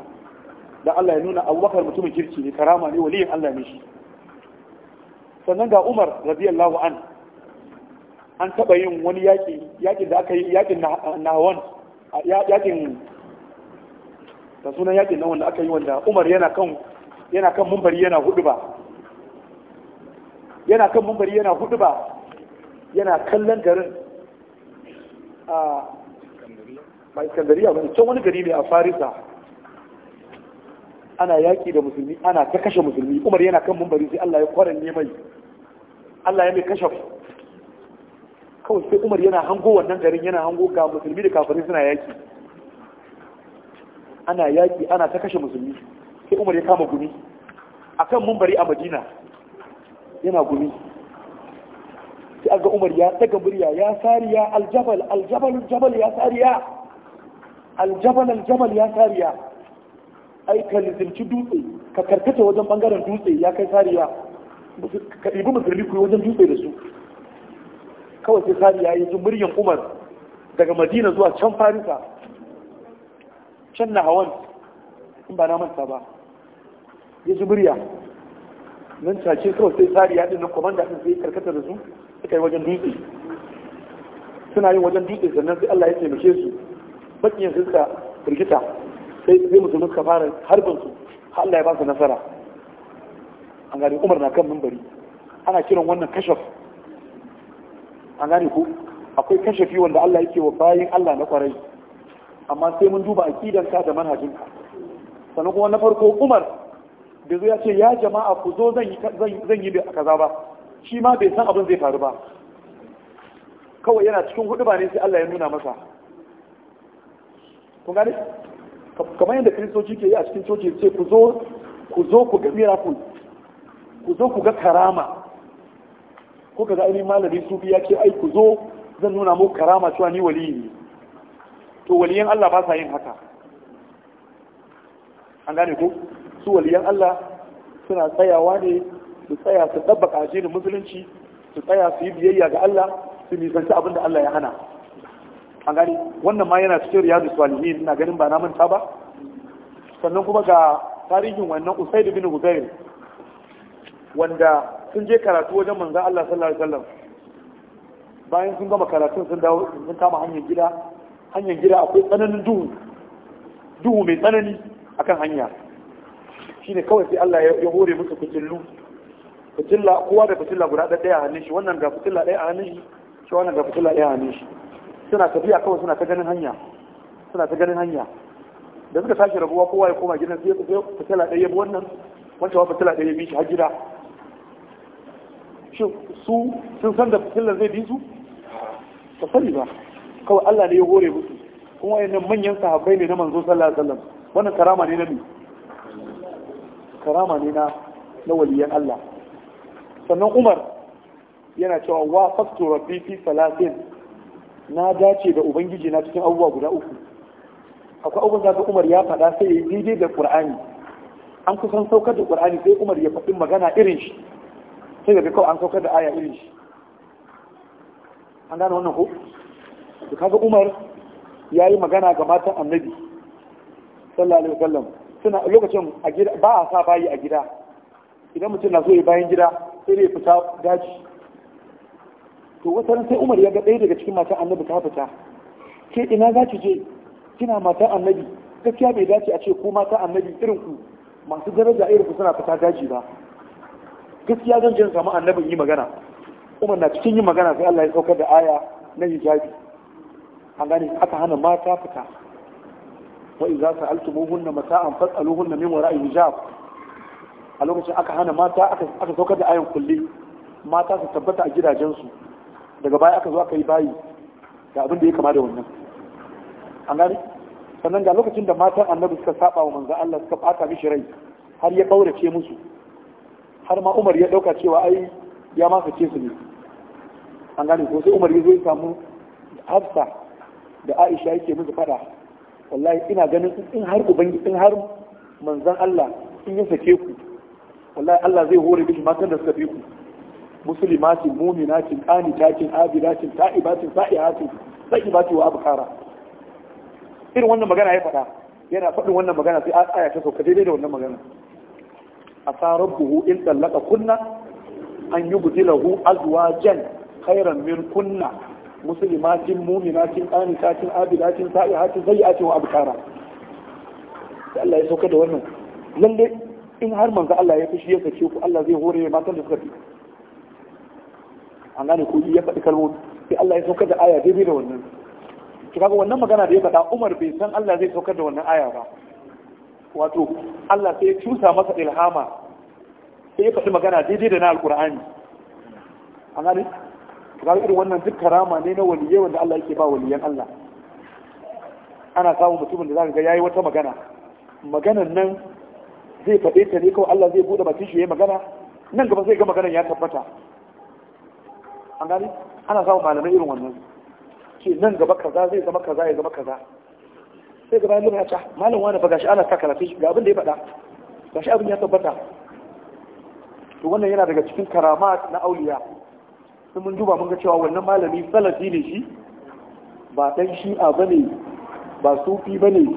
da Allah ya nuna abubakar mutumin kirki ne karama ne waliyin Allah ne shi sannan ga umar radiyallahu an an taɓa yin wani yaƙi yaƙin da aka yi yaƙin nahawan yaƙin da sunan yaƙin na wanda aka yi wanda umar yana kan yana kan mumbari yana hudu ba yana kan mumbari yana hudu ba yana kallon garin a iskandariya ba can wani gari ne a farisa ana yaƙi da musulmi ana ta kashe musulmi umar yana kan mumbari sai Allah ya kwaran ne mai Allah ya mai kashe kawai sai umar yana hango wannan garin yana hango ga musulmi da kafirai suna yaƙi ana yaƙi ana ta kashe musulmi sai umar ya kama gumi akan mumbari a madina yana gumi sai aga umar ya daga murya ya sariya aljabal aljabal ya sariya aljabal aljabal ya sariya ai ka dutse ka karkata wajen bangaren dutse ya kai sariya ka ɗibi musulmi ku wajen dutse da su kawai sai sariya ya ji muryan umar daga madina zuwa can farisa can na hawan in ba na manta ba ya ji murya nan take kawai sai sariya ɗin na komanda ɗin sai karkata da su suka yi wajen dutse suna yin wajen dutse sannan sai Allah ya taimake su bakin yanzu suka firgita sai sai musulmi suka fara harbin su Allah ya ba su nasara an gane Umar na kan mimbari ana kiran wannan kashaf an gane ku akwai kashafi wanda Allah yake wa bayin Allah na kwarai amma sai mun duba ka da manhajinka sannan kuma na farko Umar da zai ya ce ya jama'a ku zo zan yi zan yi kaza ba shi ma bai san abin zai faru ba kawai yana cikin hudu ba ne sai Allah ya nuna masa kun gane kamar yadda kiristoci ke yi a cikin coci ce ku zo ku zo ku ga miracle ku zo ku ga karama ko kaga ainihin malami sufi ya ce ai ku zo zan nuna muku karama cewa ni waliyi ne to waliyan Allah ba sa yin haka an gane ko su waliyan Allah suna tsayawa ne su tsaya su dabbaka ajiyar musulunci su tsaya su yi biyayya ga Allah su nisanci abin da Allah ya hana an gani wannan ma yana cikin riyadu salihin ina ganin ba na manta ba sannan kuma ga tarihin wannan usaid bin hudayr wanda sun je karatu wajen manzon Allah sallallahu alaihi wasallam bayan sun gama karatun sun dawo sun kama hanyar gida hanyar gida akwai tsananin duhu duhu mai tsanani akan hanya shine kawai sai Allah ya hore musu fitillu fitilla kowa da fitilla guda ɗaya a hannun shi wannan ga fitilla ɗaya a hannun shi shi wannan ga fitilla ɗaya a hannun shi suna tafiya kawai suna ta ganin hanya suna ta ganin hanya da suka tashi rabuwa kowa ya koma gidan sai fitila ɗaya bi wannan wancan wa fitila ɗaya bi shi har gida shin su sun san da fitilan zai bi su ba sani ba kawai Allah ne ya hore musu kuma wayannan manyan sahabbai ne na manzo sallallahu alaihi wasallam wannan karama ne na mi karama ne na na waliyan Allah sannan Umar yana cewa wa fastu rabbi fi salatin na dace da ubangiji na cikin abubuwa guda uku akwai abubuwan da umar ya faɗa sai ya yi daidai da qur'ani an kusan saukar da qur'ani sai umar ya faɗi magana irin shi sai ga kawai an saukar da aya irin shi an gane wannan ko da kaga umar ya yi magana ga matan annabi sallallahu alaihi wasallam suna lokacin a gida ba a sa bayi a gida idan mutum na so ya bayan gida sai ya fita daji to wata ran sai Umar ya ga ɗaya daga cikin matan annabi ta fita ke ina za ki je kina matan annabi gaskiya bai dace a ce ko matan annabi irin ku masu daraja irin ku suna fita daji ba gaskiya zan je in samu annabin yi magana Umar na cikin yin magana sai Allah ya saukar da aya na hijabi an gane aka hana mata fita wa idza sa'altumuhunna mata'an fas'aluhunna min wara'i hijab a lokacin aka hana mata aka saukar da ayan kulli mata su tabbata a gidajensu daga baya aka zo aka yi bayi ga abin da ya kama da wannan an gani sannan ga lokacin da matan annabi suka saba wa manzo Allah suka fata mishi rai har ya kaurace musu har ma Umar ya dauka cewa ai ya ma fice su ne an gani ko sai Umar ya zo ya samu Hafsa da Aisha yake musu fada wallahi ina ganin in har ubangi in har manzon Allah in ya sake ku wallahi Allah zai hore miki matan da suka fi ku muslimatin mu'minatin qanitatin abidatin ta'ibatin sa'ihatin sa'ibatin wa abkara irin wannan magana ya faɗa yana faɗin wannan magana sai aya ta sauka daidai da wannan magana asa rabbuhu in tallaka kunna an yubdilahu azwajan khairan min kunna muslimatin mu'minatin qanitatin abidatin sa'ihatin sa'ihatin wa abkara sai Allah ya sauka da wannan lalle in har manzo Allah ya fushi ya sace ku Allah zai hore matan da suka fi an gane ko ya faɗi kalmomi sai Allah ya saukar da aya daidai da wannan to kaga wannan magana da ya faɗa Umar bai san Allah zai saukar da wannan aya ba wato Allah sai ya cusa masa ilhama sai ya faɗi magana daidai da na alkur'ani an gane to kaga irin wannan duk karama ne na waliyai wanda Allah yake ba waliyan Allah ana samun mutumin da zaka ga yayi wata magana maganan nan zai faɗe ta ne kawai Allah zai bude bakin shi yayi magana nan gaba sai ga maganan ya tabbata an gani ana samun malamai irin wannan ce nan gaba kaza zai zama kaza ya zama kaza sai gaba yin ya malam wani fa gashi ana sa karatu ga abin da ya faɗa gashi abin ya tabbata to wannan yana daga cikin karama na auliya sun mun duba mun ga cewa wannan malami salafi ne shi ba dan shi'a bane ba sufi bane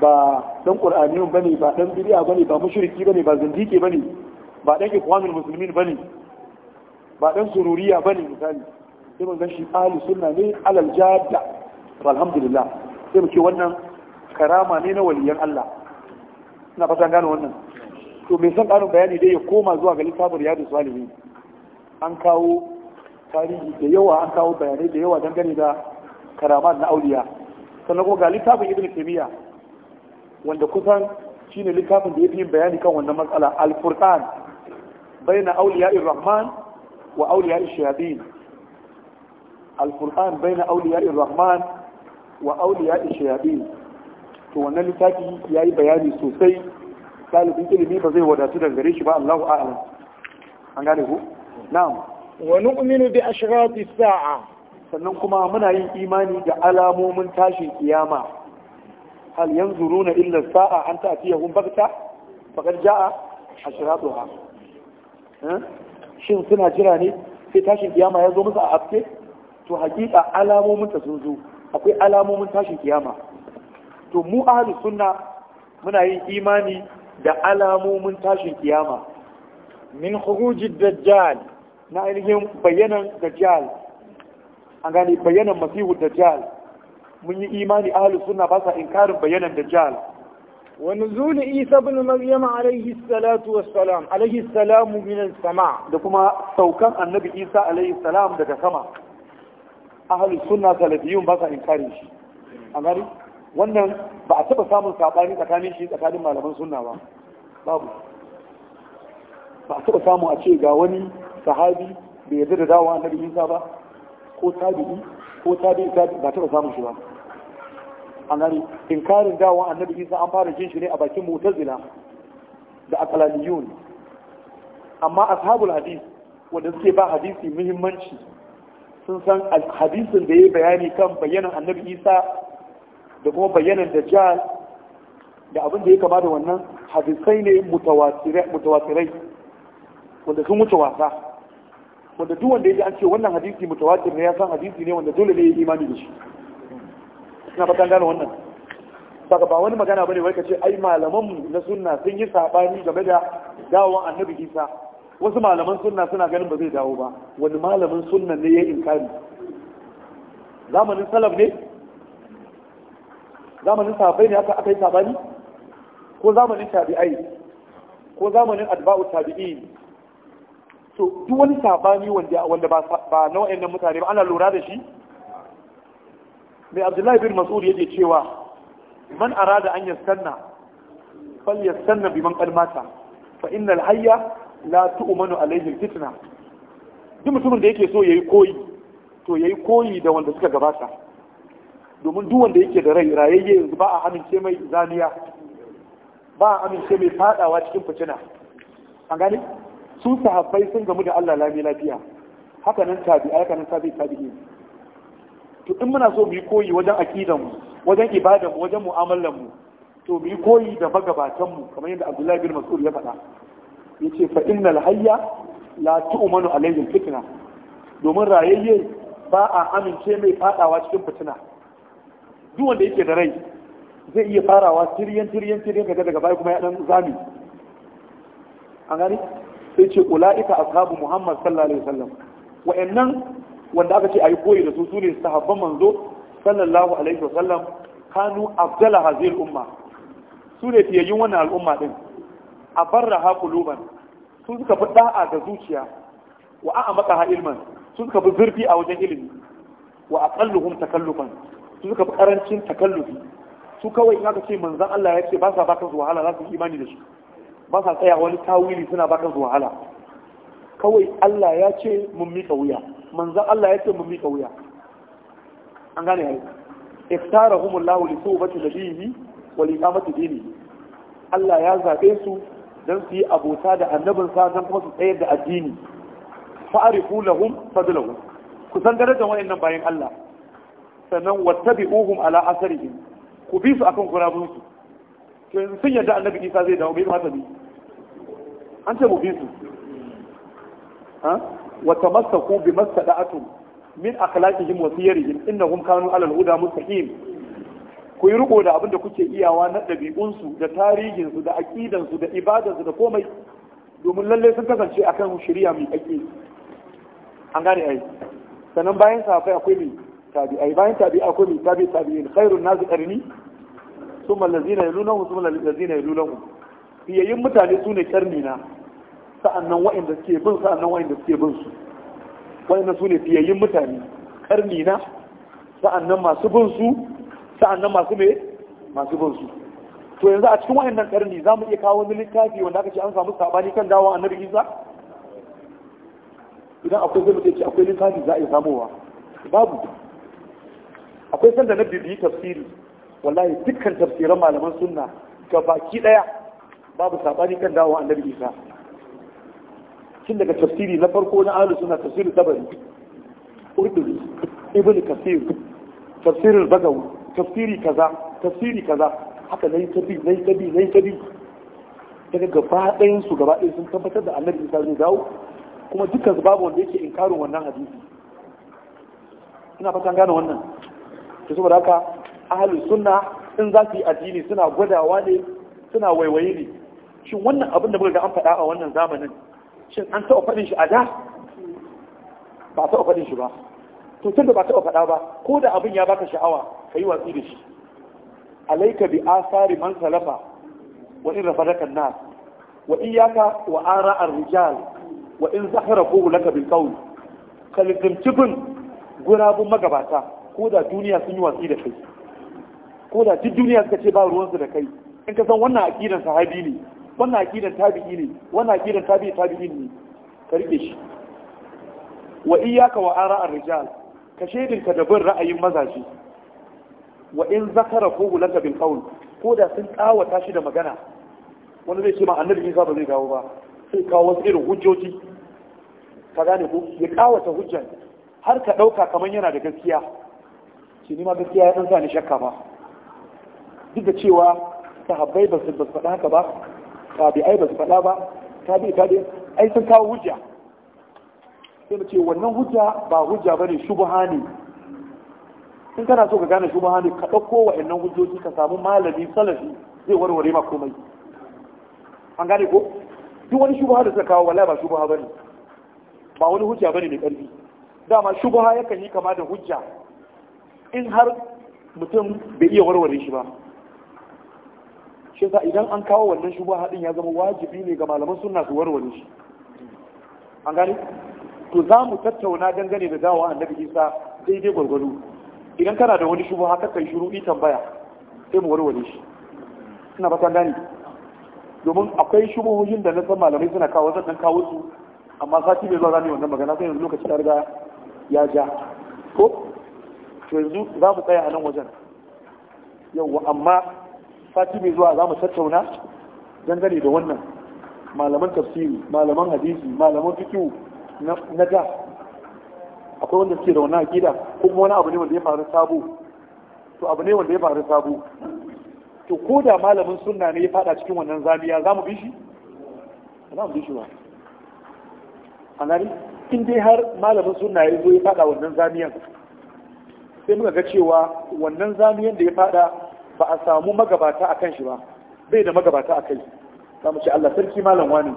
ba dan qur'aniyun bane ba dan bid'a bane ba mushriki bane ba zindiki bane ba dan ikwanul muslimin bane ba ɗan sururiya ba ne misali sai mun ga shi ahli sunna ne alal jadda alhamdulillah sai muke wannan karama ne na waliyan Allah ina fata gano wannan to me san ƙarin bayani dai ya koma zuwa ga littafin riyadu salihin an kawo tarihi da yawa an kawo bayanai da yawa dangane da karamat na auliya sannan kuma ga littafin ibn taymiya wanda kusan shine littafin da ya fi yin bayani kan wannan matsala al-furqan bayna awliya ar-rahman وأولياء الشياطين القرآن بين أولياء الرحمن وأولياء الشياطين to wannan littafi ya yi bayani sosai ɗalibin ilimi ba zai wadatu daga gare shi ba Allahu an gane ku na'am wa nu'minu bi sa'a sannan kuma muna yin imani da alamomin tashin iyama. hal nuna illar sa'a an ta'tiyahum bagta faqad ja'a shin suna jira ne sai tashin kiyama ya zo musu a aske to hakika alamomin ta sun zo akwai alamomin tashin kiyama to mu ahli sunna muna yin imani da alamomin tashin kiyama min khurujid dajjal na ainihin bayanan dajjal an gane bayanan masihu dajjal mun yi imani ahli sunna ba sa inkarin bayanan dajjal ونزول عيسى بن مريم عليه الصلاة والسلام عليه السلام من السماء لكما سوكان النبي عيسى عليه السلام دك سما أهل السنة سلفيون بس إنكاري شيء أمري wannan ba a taɓa samun saɓani tsakanin shi tsakanin malaman sunna ba ba a taɓa samu a ce ga wani sahabi bai yarda da dawa annabi Isa ba ko tabi'i ko tabi'i ba taɓa samun shi ba an in inkarin dawon annabi isa an fara jin shi ne a bakin mutazila da akalaliyun amma ashabul hadis wanda suke ba hadisi muhimmanci sun san hadisin da ya yi bayani kan bayanan annabi isa da kuma bayanan dajjal da abin da ya kama da wannan hadisai ne mutawatirai wanda sun wuce wasa wanda duk wanda ya ji an ce wannan hadisi mutawatir ne ya san hadisi ne wanda dole ne ya imani da shi suna fatan gane wannan saka ba wani magana bane wai kace ai malaman mu na sunna sun yi sabani game da dawon annabi Isa wasu malaman sunna suna ganin ba zai dawo ba wani malamin sunna ne ya inkari zamanin salaf ne zamanin sahabbai ne aka aka yi sabani ko zamanin tabi'ai ko zamanin adba'u tabi'in to duk wani sabani wanda wanda ba ba na wayannan mutane ba ana lura da shi mai abdullahi bin mas'ud yake cewa man arada an yastanna fal yastanna biman qad mata fa innal hayya la tu'manu alayhi fitna duk mutumin da yake so yayi koyi to yayi koyi da wanda suka gabata domin duk wanda yake da rai rayayye yanzu ba a amince mai zaniya ba a amince mai fadawa cikin fitina an gane su sahabbai sun gamu da Allah lami lafiya haka nan tabi'a haka nan tabi'i tabi'i to in muna so mu yi koyi wajen aqidanmu wajen ibadanmu wajen mu'amalanmu to mu yi koyi da magabatanmu kamar yadda Abdullahi bin Mas'ud ya faɗa yace fa innal hayya la tu'manu alayhi fitna domin rayayye ba a amince mai fadawa cikin fitina duk wanda yake da rai zai iya farawa tiryan tiryan tiryan kaga daga baya kuma ya dan zami an gani sai ce ula'ika ashabu muhammad sallallahu alaihi wasallam wa'annan wanda aka ce a yi koyi da su su ne sahabban manzo sallallahu alaihi wasallam kanu abdala hazil umma su ne fiyayyun wannan al'umma din a barra ha kuluban su suka fi da'a da zuciya wa a maka ha ilman su suka fi zurfi a wajen ilimi wa aqalluhum takallufan su suka fi karancin takallufi su kawai in aka ce manzon Allah ya ce ba sa baka zuwa wahala za su imani da shi ba sa tsaya wani tawili suna baka zuwa wahala kawai Allah ya ce mun mika wuya manzan Allah ya ce mun mika wuya an gane yayi iftarahum Allah li suhbati nabiyhi wa li iqamati dini Allah ya zabe su dan su yi abota da annabin sa dan kuma su tsayar da addini fa'rifu lahum fadlahum ku san darajar wayannan bayan Allah sannan wattabi'uhum ala asarihim ku bi su akan kurabun su to sun yadda annabi Isa zai dawo bai fata bi an ce mu bi su wa tamassaku bima sada'atum min akhlaqihim wa siyarihim innahum kanu ala al-huda mustaqim ku yi riko da abin da kuke iyawa na ɗabi'unsu da tarihinsu da aƙidansu da ibadansu da komai domin lallai sun kasance akan shari'a mai ake an gane ai sannan bayan safai akwai mai tabi'ai bayan tabi'ai akwai mai tabi tabi'in khairun nasu karni sun mallazina ya lunahu sun mallazina ya lunahu fiyayyin mutane su ne karni na sa'annan wa'inda suke bin sa'annan wa'inda suke bin su wa'inda su ne fiyayyin mutane karni na sa'annan masu bin su sa'annan masu me masu bin su to yanzu a cikin nan karni za mu iya kawo wani littafi wanda aka ce an samu sabani kan dawo annabi Isa idan akwai zai mutu ce akwai littafi za a iya samowa babu akwai sanda na bibiyi tafsiri wallahi dukkan tafsiran malaman sunna ga baki daya babu sabani kan dawo annabi Isa tun daga tafsiri na farko na ahlus sunna tafsirin tabari urdu ibn kasir tafsirin bagaw tafsiri kaza tafsiri kaza haka nayi tabi nayi tabi nayi tabi daga gaba ɗayan su gaba ɗayan sun tabbatar da annabi isa zai dawo kuma dukkan babu wanda yake inkarin wannan hadisi ina fatan gane wannan to saboda haka ahli sunna in za su yi addini suna gwadawa ne suna waiwaye ne shin wannan abin da muka ga an faɗa a wannan zamanin shin an taɓa faɗin shi a da ba taɓa faɗin shi ba to tun da ba taɓa faɗa ba ko da abin ya baka sha'awa ka yi watsi da shi alaika bi asari man salafa wa in rafadaka nas wa iyyaka wa ara ar-rijal wa in zahara ko laka bil qawl ka lizimci bin gurabun magabata ko da duniya sun yi watsi da kai ko da duk duniya suka ce ba ruwansu da kai in ka san wannan aqidan sahabi ne wannan aqidan tabi'i ne wannan aqidan tabi'i tabi'in ne ka rike shi wa iyyaka wa ara ar-rijal ka shedin da bin ra'ayin mazaji wa in zakara ko laka bil qawl ko da sun kawata shi da magana wani zai ce ma annabi Isa ba zai dawo ba sai kawo wasu irin hujjoji ka gane ko ya kawata hujjan har ka dauka kaman yana da gaskiya shi ne ma gaskiya ya san sa ni shakka ba duk da cewa sahabbai ba su faɗa haka ba ai ba su faɗa ba bi tabi'i bi ai sun kawo hujja sai mu ce wannan hujja ba hujja bane shubha ne in kana so ka gane shubha ne ka ɗauko wa'annan hujjoji ka samu malami salafi zai warware ma komai an gane ko duk wani shubha da suka kawo wallahi ba shubha bane ba wani hujja bane mai ƙarfi dama shubha yakan yi kama da hujja in har mutum bai iya warware shi ba shi yasa idan an kawo wannan shubuha hadin ya zama wajibi ne ga malaman sunna su warware shi an gane to za mu tattauna dangane da dawowa annabi isa daidai gwargwado idan kana da wani shubuha ka kai shuru'i tambaya sai mu warware shi ina ba san gane domin akwai shubuhohin da na san malamai suna kawo zan kawo su amma sati bai zuwa za yi wannan magana sai yanzu lokaci ta riga ya ja ko to yanzu za mu tsaya a nan wajen yauwa amma sati mai zuwa za mu tattauna dangane da wannan malaman tafsiri malaman hadisi malaman fikihu na da akwai wanda suke da wannan akida ko kuma wani abu ne wanda ya faru sabo to abu ne wanda ya faru sabo to ko da malamin sunna ne ya fada cikin wannan zamiya za mu bi shi za mu bi shi ba a nari in dai har malamin sunna ya zo ya fada wannan zamiyan sai muka ga cewa wannan zamiyan da ya fada ba a samu magabata a kan shi ba bai da magabata a kai za mu ce Allah sarki malam wani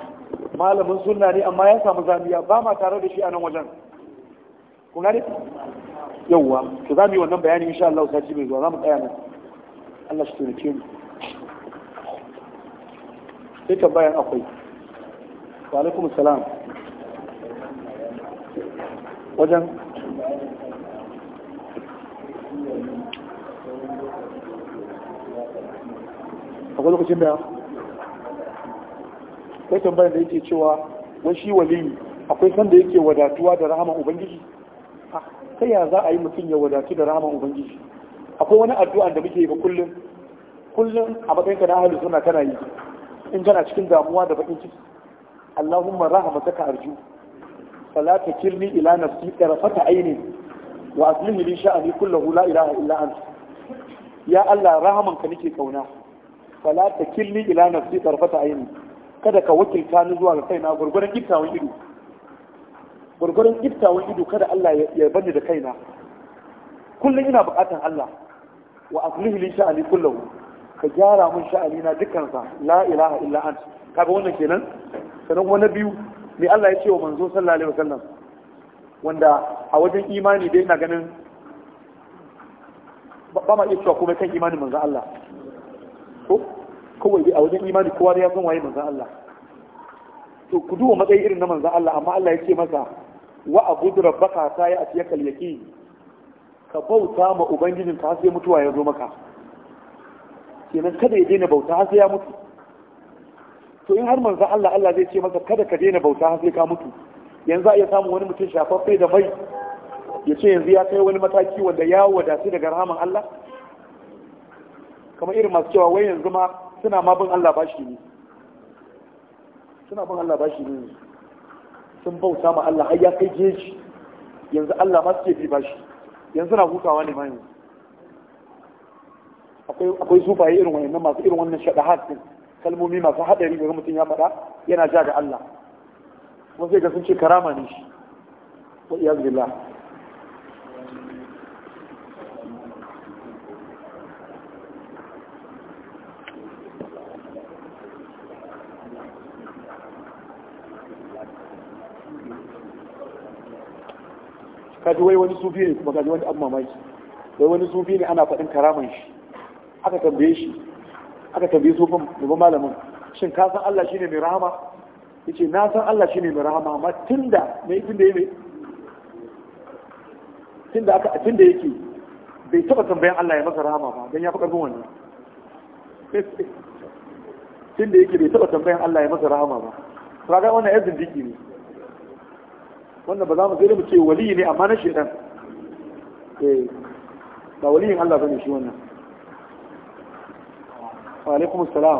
malamin sunna ne amma ya samu zamiya ba ma tare da shi a nan wajen Kuna gane yawwa to za mu yi wannan bayani insha Allah sati mai zuwa za mu tsaya nan Allah shi tunake mu sai tambayan akwai wa alaikum salam wajen akwai lokacin da kai tambayar da yake cewa wani shi waliyu akwai sanda yake wadatuwa da rahaman ubangiji ah, ta ya za a yi mutum ya wadatu da rahama ubangiji akwai wani addu'an da muke yi ba kullum kullum a matsayin ka na ahlus sunna kana yi in kana cikin damuwa da bakin ciki Allahumma Rahama ka arju fala takilni ila nafsi tarafata aini wa aslih li sha'ani kullahu hula ilaha illa anta ya Allah rahaman ka nake kauna fala ta killi ila nafsi tarfata aini kada ka wakilta ni zuwa ga kaina gurgurun iftawan ido gurgurun iftawan ido kada Allah ya bani da kaina kullum ina bukatan Allah wa aslih li sha'ani kullahu ka gyara mun sha'ani na dukkan sa la ilaha illa ant kaga wannan kenan sanan wani biyu me Allah ya ce wa manzo sallallahu alaihi wasallam wanda a wajen imani dai ina ganin ba ma iya cewa komai kan imanin manzo Allah ko kawai a wajen imani kowa ya san waye manzan Allah to ku duba matsayi irin na manzan Allah amma Allah ya ce masa wa abudu rabbaka ta yi a tiyakal ka bauta ma ubangijin ka sai mutuwa ya zo maka kenan kada ya daina bauta har sai ya mutu to in har manzan Allah Allah zai ce masa kada ka daina bauta har sai ka mutu yanzu a iya samun wani mutum shafaffe da mai ya ce yanzu ya kai wani mataki wanda ya wadace daga rahaman Allah kamar irin masu cewa wai yanzu ma suna ma bin Allah bashi ne suna bin Allah bashi ne sun bauta ma Allah har ya kai jeji yanzu Allah ma suke bi bashi yanzu na hutawa ne ma yanzu akwai akwai sufaye irin wannan masu irin wannan shadahat din kalmomi masu hadari ga mutum ya faɗa yana ja ga Allah kuma sai ga sun ce karama ne shi wa iyaz billah kaji wai wani sufi ne kuma kaji wani abu mamaki wai wani sufi ne ana faɗin karaman shi aka tambaye shi aka tambaye sufin daga malamin shin ka san Allah shine mai rahama yace na san Allah shine mai rahama amma tunda mai tunda yake tunda aka tunda yake bai taba tambayan Allah ya masa rahama ba dan ya fi karfin wannan *laughs* tunda yake bai taba tambayan Allah ya masa rahama ba kaga wannan yanzu diki ne wannan ba za mu sai mu ce wali ne amma na shedan eh ba waliyin Allah bane shi wannan wa alaikum assalam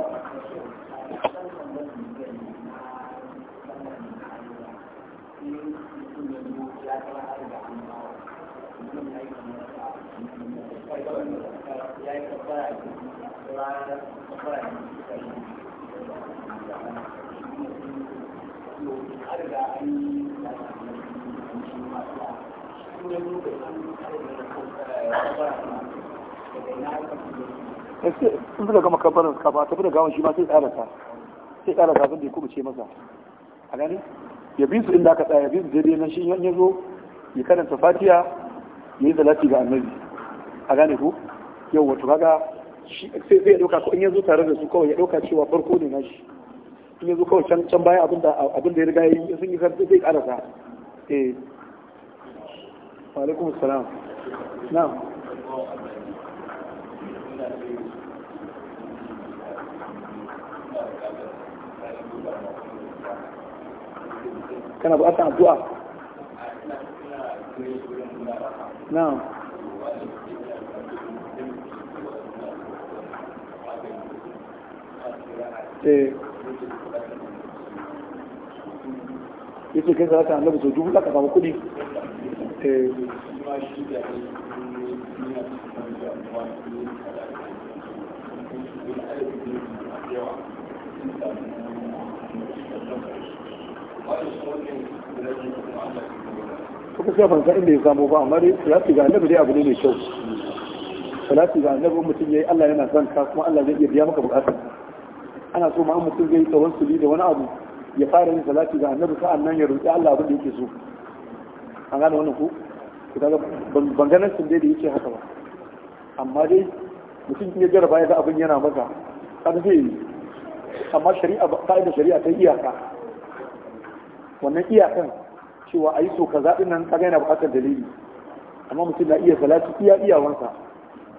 Thank you. sun suka gama kabarin ka ba tafi da gawan shi ma sai tsarata sai tsarata abin da ya kubuce masa a gani ya bi su inda aka tsaya ya bi su daidai nan shi yan yanzu zo ya karanta fatiya ya yi zalafi ga annabi a gane ku yau wato kaga sai sai ya dauka ko in yanzu tare da su kawai ya dauka cewa farko ne nashi in yanzu kawai can baya abin da ya riga ya yi sun yi karfi sai karasa eh wa alaikum assalam na'am kana buƙatar addu'a na'am eh yace kai za kuɗi kuka sai fanka inda ya samu ba amma dai salati ga annabi dai abu ne mai kyau salati ga annabi mutum yayi Allah yana son ka kuma Allah zai iya biya maka bukatun ana so ma mutum zai tawassuli da wani abu ya fara yin salati ga annabi sa'an nan ya roki Allah abin da yake so an gane wannan ku ban ganin sun dai da yake haka ba amma dai mutum ya jarraba ya ga abin yana maka kan zai yi amma shari'a ka'ida shari'a ta iyaka wannan iyakan cewa a yi so ka zaɓi nan kaga yana buƙatar dalili amma mutum na iya salati iya iyawansa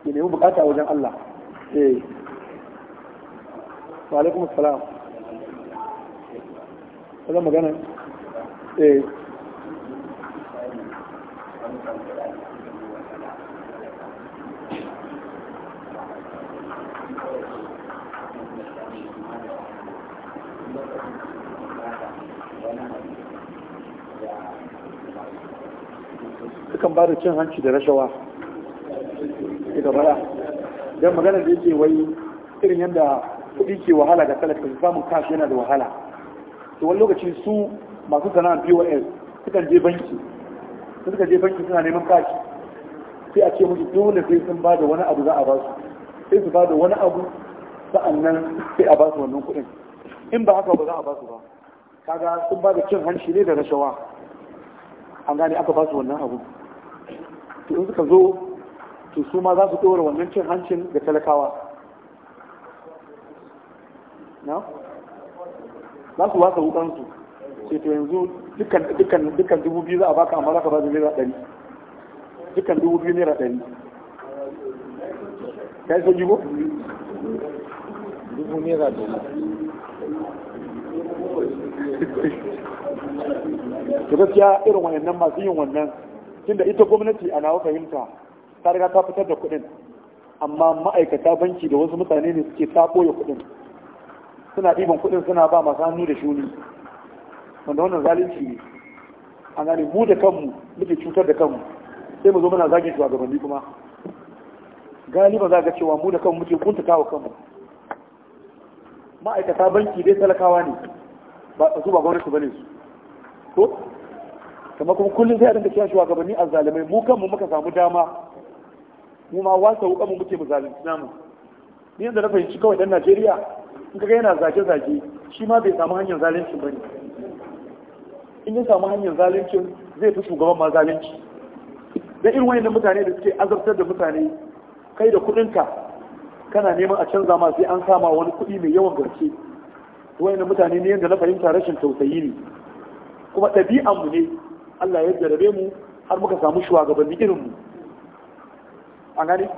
ya nemi buƙata wajen Allah eh wa alaikum assalam kaga magana eh sukan ba da cin hanci da rashawa daga baya don magana da yake wai irin yadda kuɗi ke wahala ga talaka samun kashi yana da wahala to wani lokaci su masu sana'ar pos sukan je banki su suka je banki suna neman kashi, sai a ce musu dole sai sun ba da wani abu za a ba su sai su ba da wani abu sa'annan sai a ba su wannan kuɗin in ba haka ba za a ba su ba kaga sun ba da cin hanci ne da rashawa an gane aka ba su wannan abu to in suka zo to su ma za su ɗora wannan cin hancin da talakawa na za su wasa wukansu sai to yanzu dukkan dukkan dukkan dubu biyu za a baka amma za ka ba da naira ɗari dukkan dubu biyu naira ɗari ka yi son jigo? dubu naira ɗari *laughs* to gaskiya irin wayannan masu yin wannan tunda ita gwamnati ana nawa fahimta ta riga ta fitar da kuɗin amma ma'aikata banki da wasu mutane ne suke ta ɓoye kuɗin suna ɗiban kuɗin suna ba masu hannu da shuni wanda wannan zalunci ne a gane mu da kanmu muke cutar da kanmu sai mu zo muna zagin gabanni kuma galiba za ga cewa mu da kanmu muke kuntata wa kanmu ma'aikata banki dai talakawa ne ba su ba gwamnati bane su ko kuma kuma kullum sai a dinga cewa shugabanni zalimai mu kanmu muka samu dama mu ma wasa wuka mu muke mu zalunci namu ni yanda na fahimci kawai dan Najeriya in kaga yana zage-zage shi ma bai samu hanyar zalunci bane in ya samu hanyar zalincin zai fi shugaban ma zalunci da irin wayannan mutane da suke azabtar da mutane kai da kudinka kana neman a canza ma sai an sama wani kudi mai yawan wani wayannan mutane ne yadda na fahimta rashin tausayi ne kuma ɗabi'an mu ne Allah ya jarabe mu har muka samu shugabanni irin mu a gani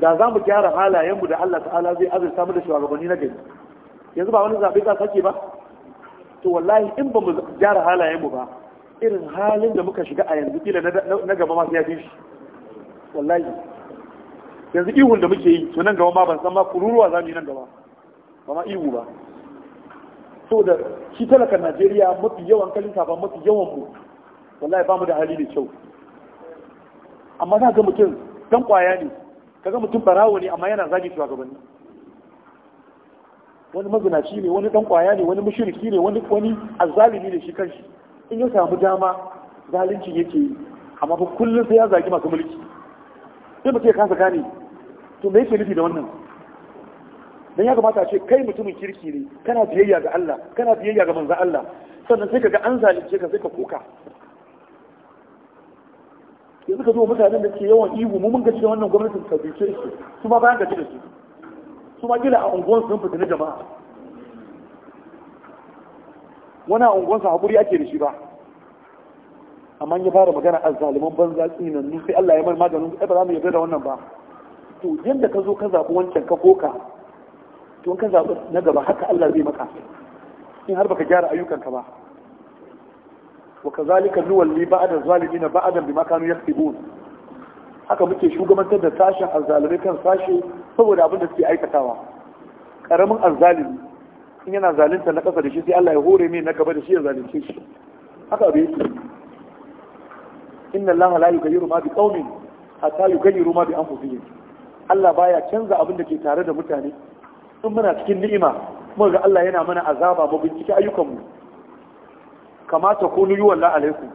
da za mu gyara halayenmu da Allah ta'ala zai azurta mu da shugabanni na gari yanzu ba wani zaɓe ka sake ba to wallahi in ba mu gyara halayen mu ba irin halin da muka shiga a yanzu kila na gaba masu yafi shi wallahi yanzu ihun da muke yi to nan gaba ma ban san ma kururuwa za mu yi nan gaba ba ma ihu ba so da shi talakan najeriya mafi yawan kalin safa mafi yawan mu wallahi ba mu da hali da kyau amma za ga mutum dan kwaya ne kaga mutum barawo ne amma yana zagi shugabanni wani mazinaci ne wani dan kwaya ne wani mushriki ne wani wani azzalimi ne shi kanshi in ya samu dama zalunci yake yi amma fa kullum sai ya zagi masu mulki sai mutum ya kasa gane to me yake nufi da wannan dan ya kamata a ce kai mutumin kirki ne kana biyayya ga Allah kana biyayya ga manzon Allah sannan sai kaga an zalunce ka sai ka kuka yanzu ka zo mutanen da ke yawan ihu mu mun ga cewa wannan gwamnatin ta bice su su ma bayan gaji da su su ma gila a unguwan sun na jama'a wani a unguwan sa haƙuri ake da shi ba amma ya fara magana a zaliman banza tsinan sai Allah ya mai maganin ai ba za mu yarda da wannan ba to yadda ka zo ka zaɓi wancan ka koka to in ka zaɓi na gaba haka Allah zai maka in har baka gyara ayyukanka ba wa kazalika nuwalli ba'da zalimina ba'dan bima kanu yaktubun haka muke shugabantar da sashen azzalumai kan sashe saboda abin da suke aikatawa karamin azzalumi in yana zalunta na ƙasa da shi sai Allah ya hore mai na gaba da shi ya zalunce shi haka bai yake inna Allah la yughayyiru ma bi qaumin hatta yughayyiru ma bi anfusihim Allah baya canza abin da ke tare da mutane in muna cikin ni'ima mun ga Allah yana mana azaba mu bincike ayyukan mu kamata nuyu wallahi alaikum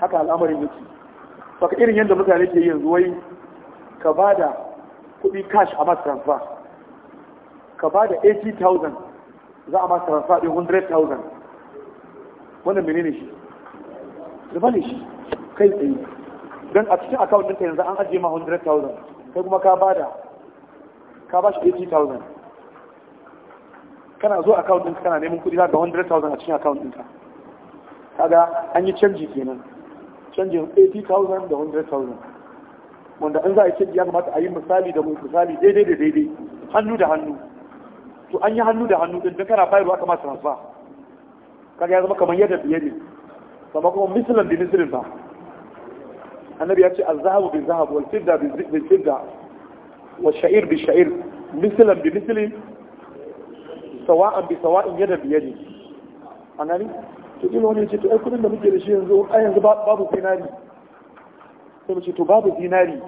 haka al'amarin yake baka irin yadda mutane ke yanzu wai ka ba da kudi cash a masu transfer ka ba da 80,000 za a masu transfer ɗin 100,000 wannan menene shi zuba ne shi kai tsaye don a cikin akawun ɗinka yanzu an ajiye ma 100,000 kai kuma ka ba da ka ba shi 80,000 kana zo akawun ɗinka kana neman kudi za ga 100,000 a cikin akawun ɗinka kaga an yi canji kenan canjin 80,000 da 100,000 wanda an za a canji ya kamata a yi misali da misali daidai da daidai hannu da hannu to an yi hannu da hannu din kana bayarwa kama transfer kaga ya zama kamar yadda biye ne sama kuma misalan bi misalin ba annabi ya ce al-zahabu bin zahab wal fidda bin fidda wa sha'ir bi sha'ir misalan bi misalin sawa'an bi sawa'in yadda biye ne an gani to wani ya ce to ai kudin da muke da shi yanzu ai yanzu babu zinari sai mu ce to babu zinari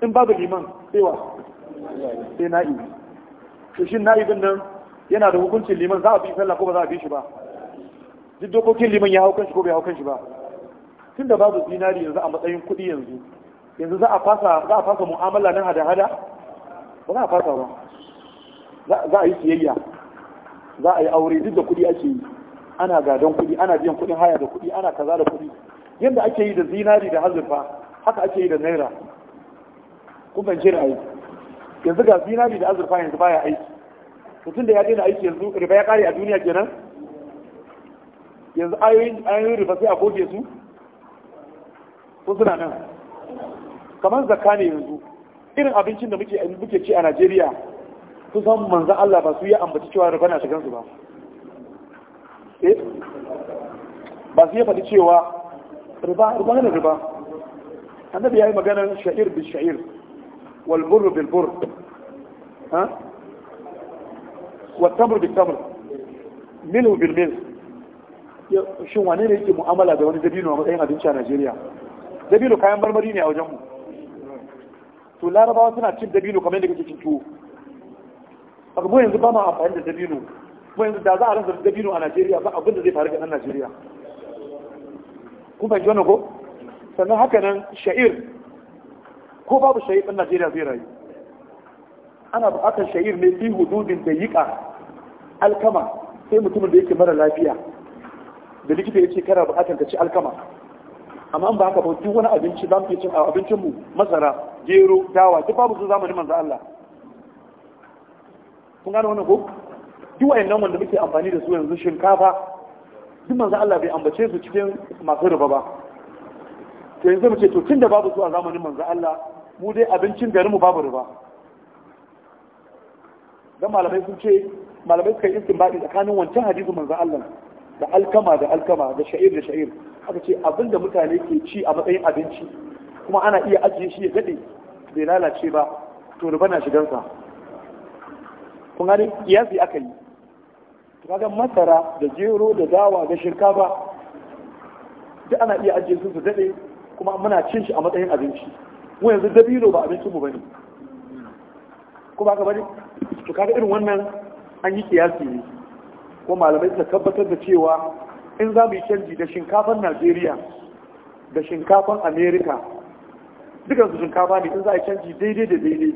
in babu liman tsewa sai na'i to na'i din nan yana da hukuncin liman za a bi sallah ko ba za a bi shi ba duk dokokin liman ya hau kanshi ko bai hau kanshi ba tun da babu zinari yanzu a matsayin kuɗi yanzu yanzu za a fasa za a fasa mu'amala nan hada-hada ba za a fasa ba za a yi siyayya za a yi aure duk da kuɗi ake yi ana gadon kuɗi ana biyan kuɗin haya da kuɗi ana kaza da kuɗi yadda ake yi da zinari da azurfa haka ake yi da naira kun ban jira aiki yanzu ga zinari da azurfa yanzu baya aiki mutum da ya daina aiki yanzu riba ya kare a duniya kenan yanzu ayoyin ayoyin riba sai a goge su ko suna nan kamar zakka ne yanzu irin abincin da muke muke ci a Najeriya kusan manzon Allah ba su ya ambaci cewa riba na shigan su ba Eh? ba su yi faɗi cewa riba riba ne riba annabi ya yi maganar sha'ir bil sha'ir wal burr bil burr ha wa tamr bil tamr milhu bil mil shin wane ne yake mu'amala da wani dabino a matsayin abinci a Najeriya dabino kayan marmari ne a wajenmu to larabawa suna cin dabino kamar yadda kake cin tuwo abu yanzu ba ma amfani da dabino kuma yanzu da za a rasa dabino a Najeriya ba abin da zai faru ga ɗan Najeriya kun fahimci wannan ko sannan haka nan sha'ir ko babu sha'ir ɗan Najeriya zai rayu ana buƙatar sha'ir ne fi hududin da yiƙa alkama sai mutumin da yake mara lafiya da likita ya ce kana buƙatar ka ci alkama amma an ba haka ba duk wani abinci za mu iya cin a abincinmu masara gero dawa duk babu su zamanin manzo Allah kun gane wannan ko duk wayannan wanda muke amfani da su yanzu shinkafa duk manzo Allah bai ambace su cikin masu riba ba to yanzu mu ce to tunda babu su a zamanin manzo Allah mu dai abincin garin mu babu riba dan malamai sun ce malamai suka yi istinbadi tsakanin wancan hadisin manzo Allah da alkama da alkama da sha'ir da sha'ir aka ce da mutane ke ci a matsayin abinci kuma ana iya ajiye shi ya daɗe bai lalace ba to riba na shigansa kun gani kiyasi aka yi kaga masara da jero da dawa da shinkafa duk ana iya ajiye su su daɗe kuma muna cin shi a matsayin abinci mu yanzu dabino ba abincin mu bane kuma ka bari to kaga irin wannan an yi kiyasi ne ko malamai suka tabbatar da cewa in za mu yi canji da shinkafan Najeriya da shinkafan Amerika dukan su shinkafa ne in za a canji daidai da daidai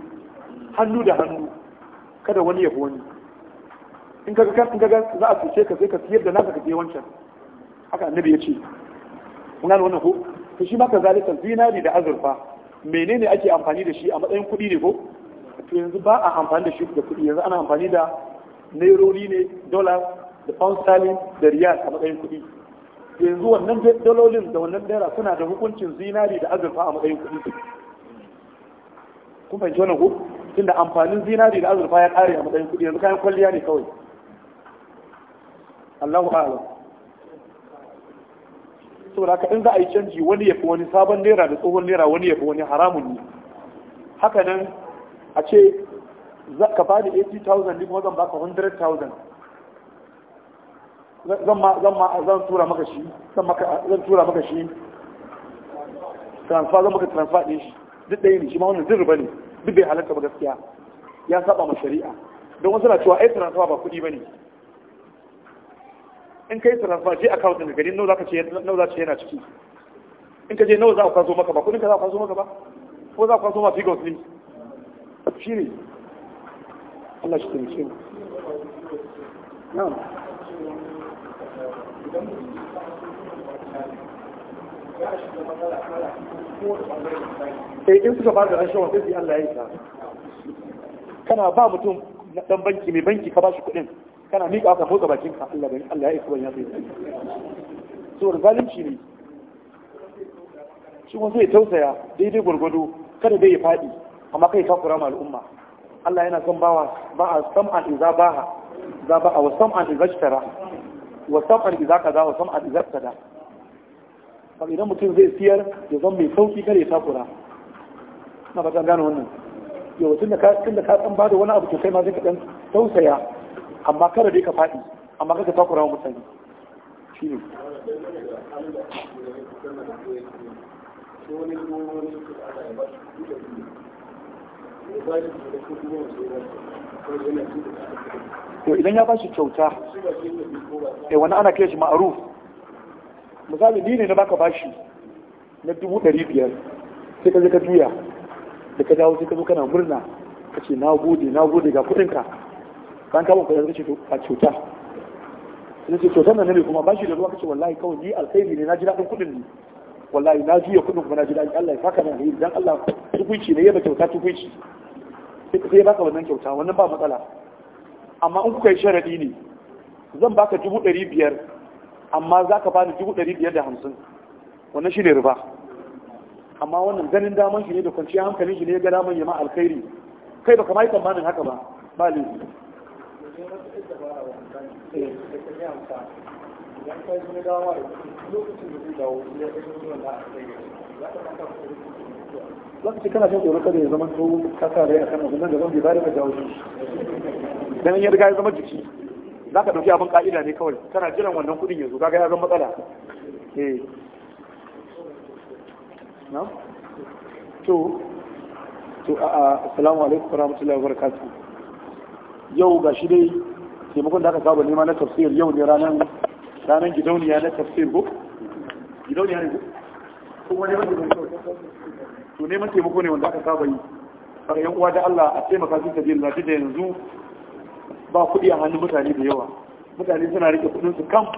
hannu da hannu kada wani ya fi wani in ka ga in ka ga za a cuce ka sai ka siyar da nasa ka je wancan haka annabi ya ce kun gane wannan ko to shi ma kazalika zinari da azurfa menene ake amfani da shi a matsayin kuɗi ne ko to yanzu ba a amfani da shi da kuɗi yanzu ana amfani da nairori ne dollar da pound sterling da riyal a matsayin kuɗi yanzu wannan dalolin da wannan naira suna da hukuncin zinari da azurfa a matsayin kuɗi kun fahimci wannan ko tunda amfanin zinari da azurfa ya ƙare a matsayin kuɗi yanzu kayan kwalliya ne kawai Allahu a'lam da ka in za a yi canji wani ya fi wani sabon naira da tsohon naira wani ya fi wani haramun ne haka nan a ce ka ba da 80,000 ne kuma zan baka 100,000 zan ma zan tura maka shi zan tura maka shi transfer zan maka transfer ɗin shi duk ɗaya ne shi ma wannan zai riba ne duk bai halatta ba gaskiya ya saba ma shari'a don wasu na cewa ai transfer ba kuɗi ba ne in kai transfer je a kawo gari nawa zaka ce nawa zaka ce yana ciki in ka je nawa za a kwazo maka ba kudin ka za a kwazo maka ba ko za a kwazo ma figures ne shine Allah shi taimake mu na'am eh in suka ba da rashin wanda sai Allah ya yi ta kana ba mutum dan banki mai banki ka ba shi kuɗin kana miƙa ka bakin ka Allah bai Allah ya isa kuwan ya sai saboda zalunci ne shi wanzu ya tausaya daidai gwargwado kada bai ya faɗi amma kai takura ma al'umma Allah yana son bawa ba a an iza ha za ba a wa an iza shtara wa an iza kaza wa an iza kada kan idan mutum zai siyar ya zan mai sauki kada ya takura na ba gane wannan yau tun da ka san ba da wani abu to kai ma zai ka dan tausaya amma kada dai ka faɗi amma kada ka kura wa mutane shine to idan ya bashi kyauta eh wani ana kai shi ma'aruf misali ni ne na baka bashi na dubu ɗari biyar sai ka je ka juya da ka dawo sai ka zo kana murna ka ce na gode na gode ga kuɗinka kan kawo kuɗi suka ce a cuta sai ce cutar nan ne kuma ba shi da ruwa kace wallahi kawai ni alkhairi ne na ji daɗin kuɗin ne wallahi na juya kuɗin kuma na ji daɗin Allah ya saka nan alheri dan Allah tukunci ne yaba kyauta tukunci sai baka wannan kyauta wannan ba matsala amma in kuka yi sharadi ne zan baka dubu ɗari biyar amma za ka bani dubu ɗari biyar da hamsin wannan shi ne riba amma wannan ganin daman shi ne da kwanciyar hankali shi ne ya ga daman yama alkhairi kai baka ma yi tsammanin haka ba ba laifi lokaci kana jin tsoron kada ya zama to kasa rai akan abin da gaban bai bari ka jawo shi dan ya riga ya zama jiki za ka ɗauki abin ƙa'ida ne kawai kana jiran wannan kuɗin yanzu kaga ya zama matsala eh na to to a assalamu alaikum warahmatullahi wabarakatuh yau ga shi dai taimakon da aka saba nema na tafsir yau ne ranar gidauniya na tafsir ko gidauniya ne ko kuma neman taimako to neman taimako ne wanda aka saba yi har yan uwa da Allah a taimaka su da yanzu ba kuɗi a hannun mutane da yawa mutane suna rike kuɗin su kam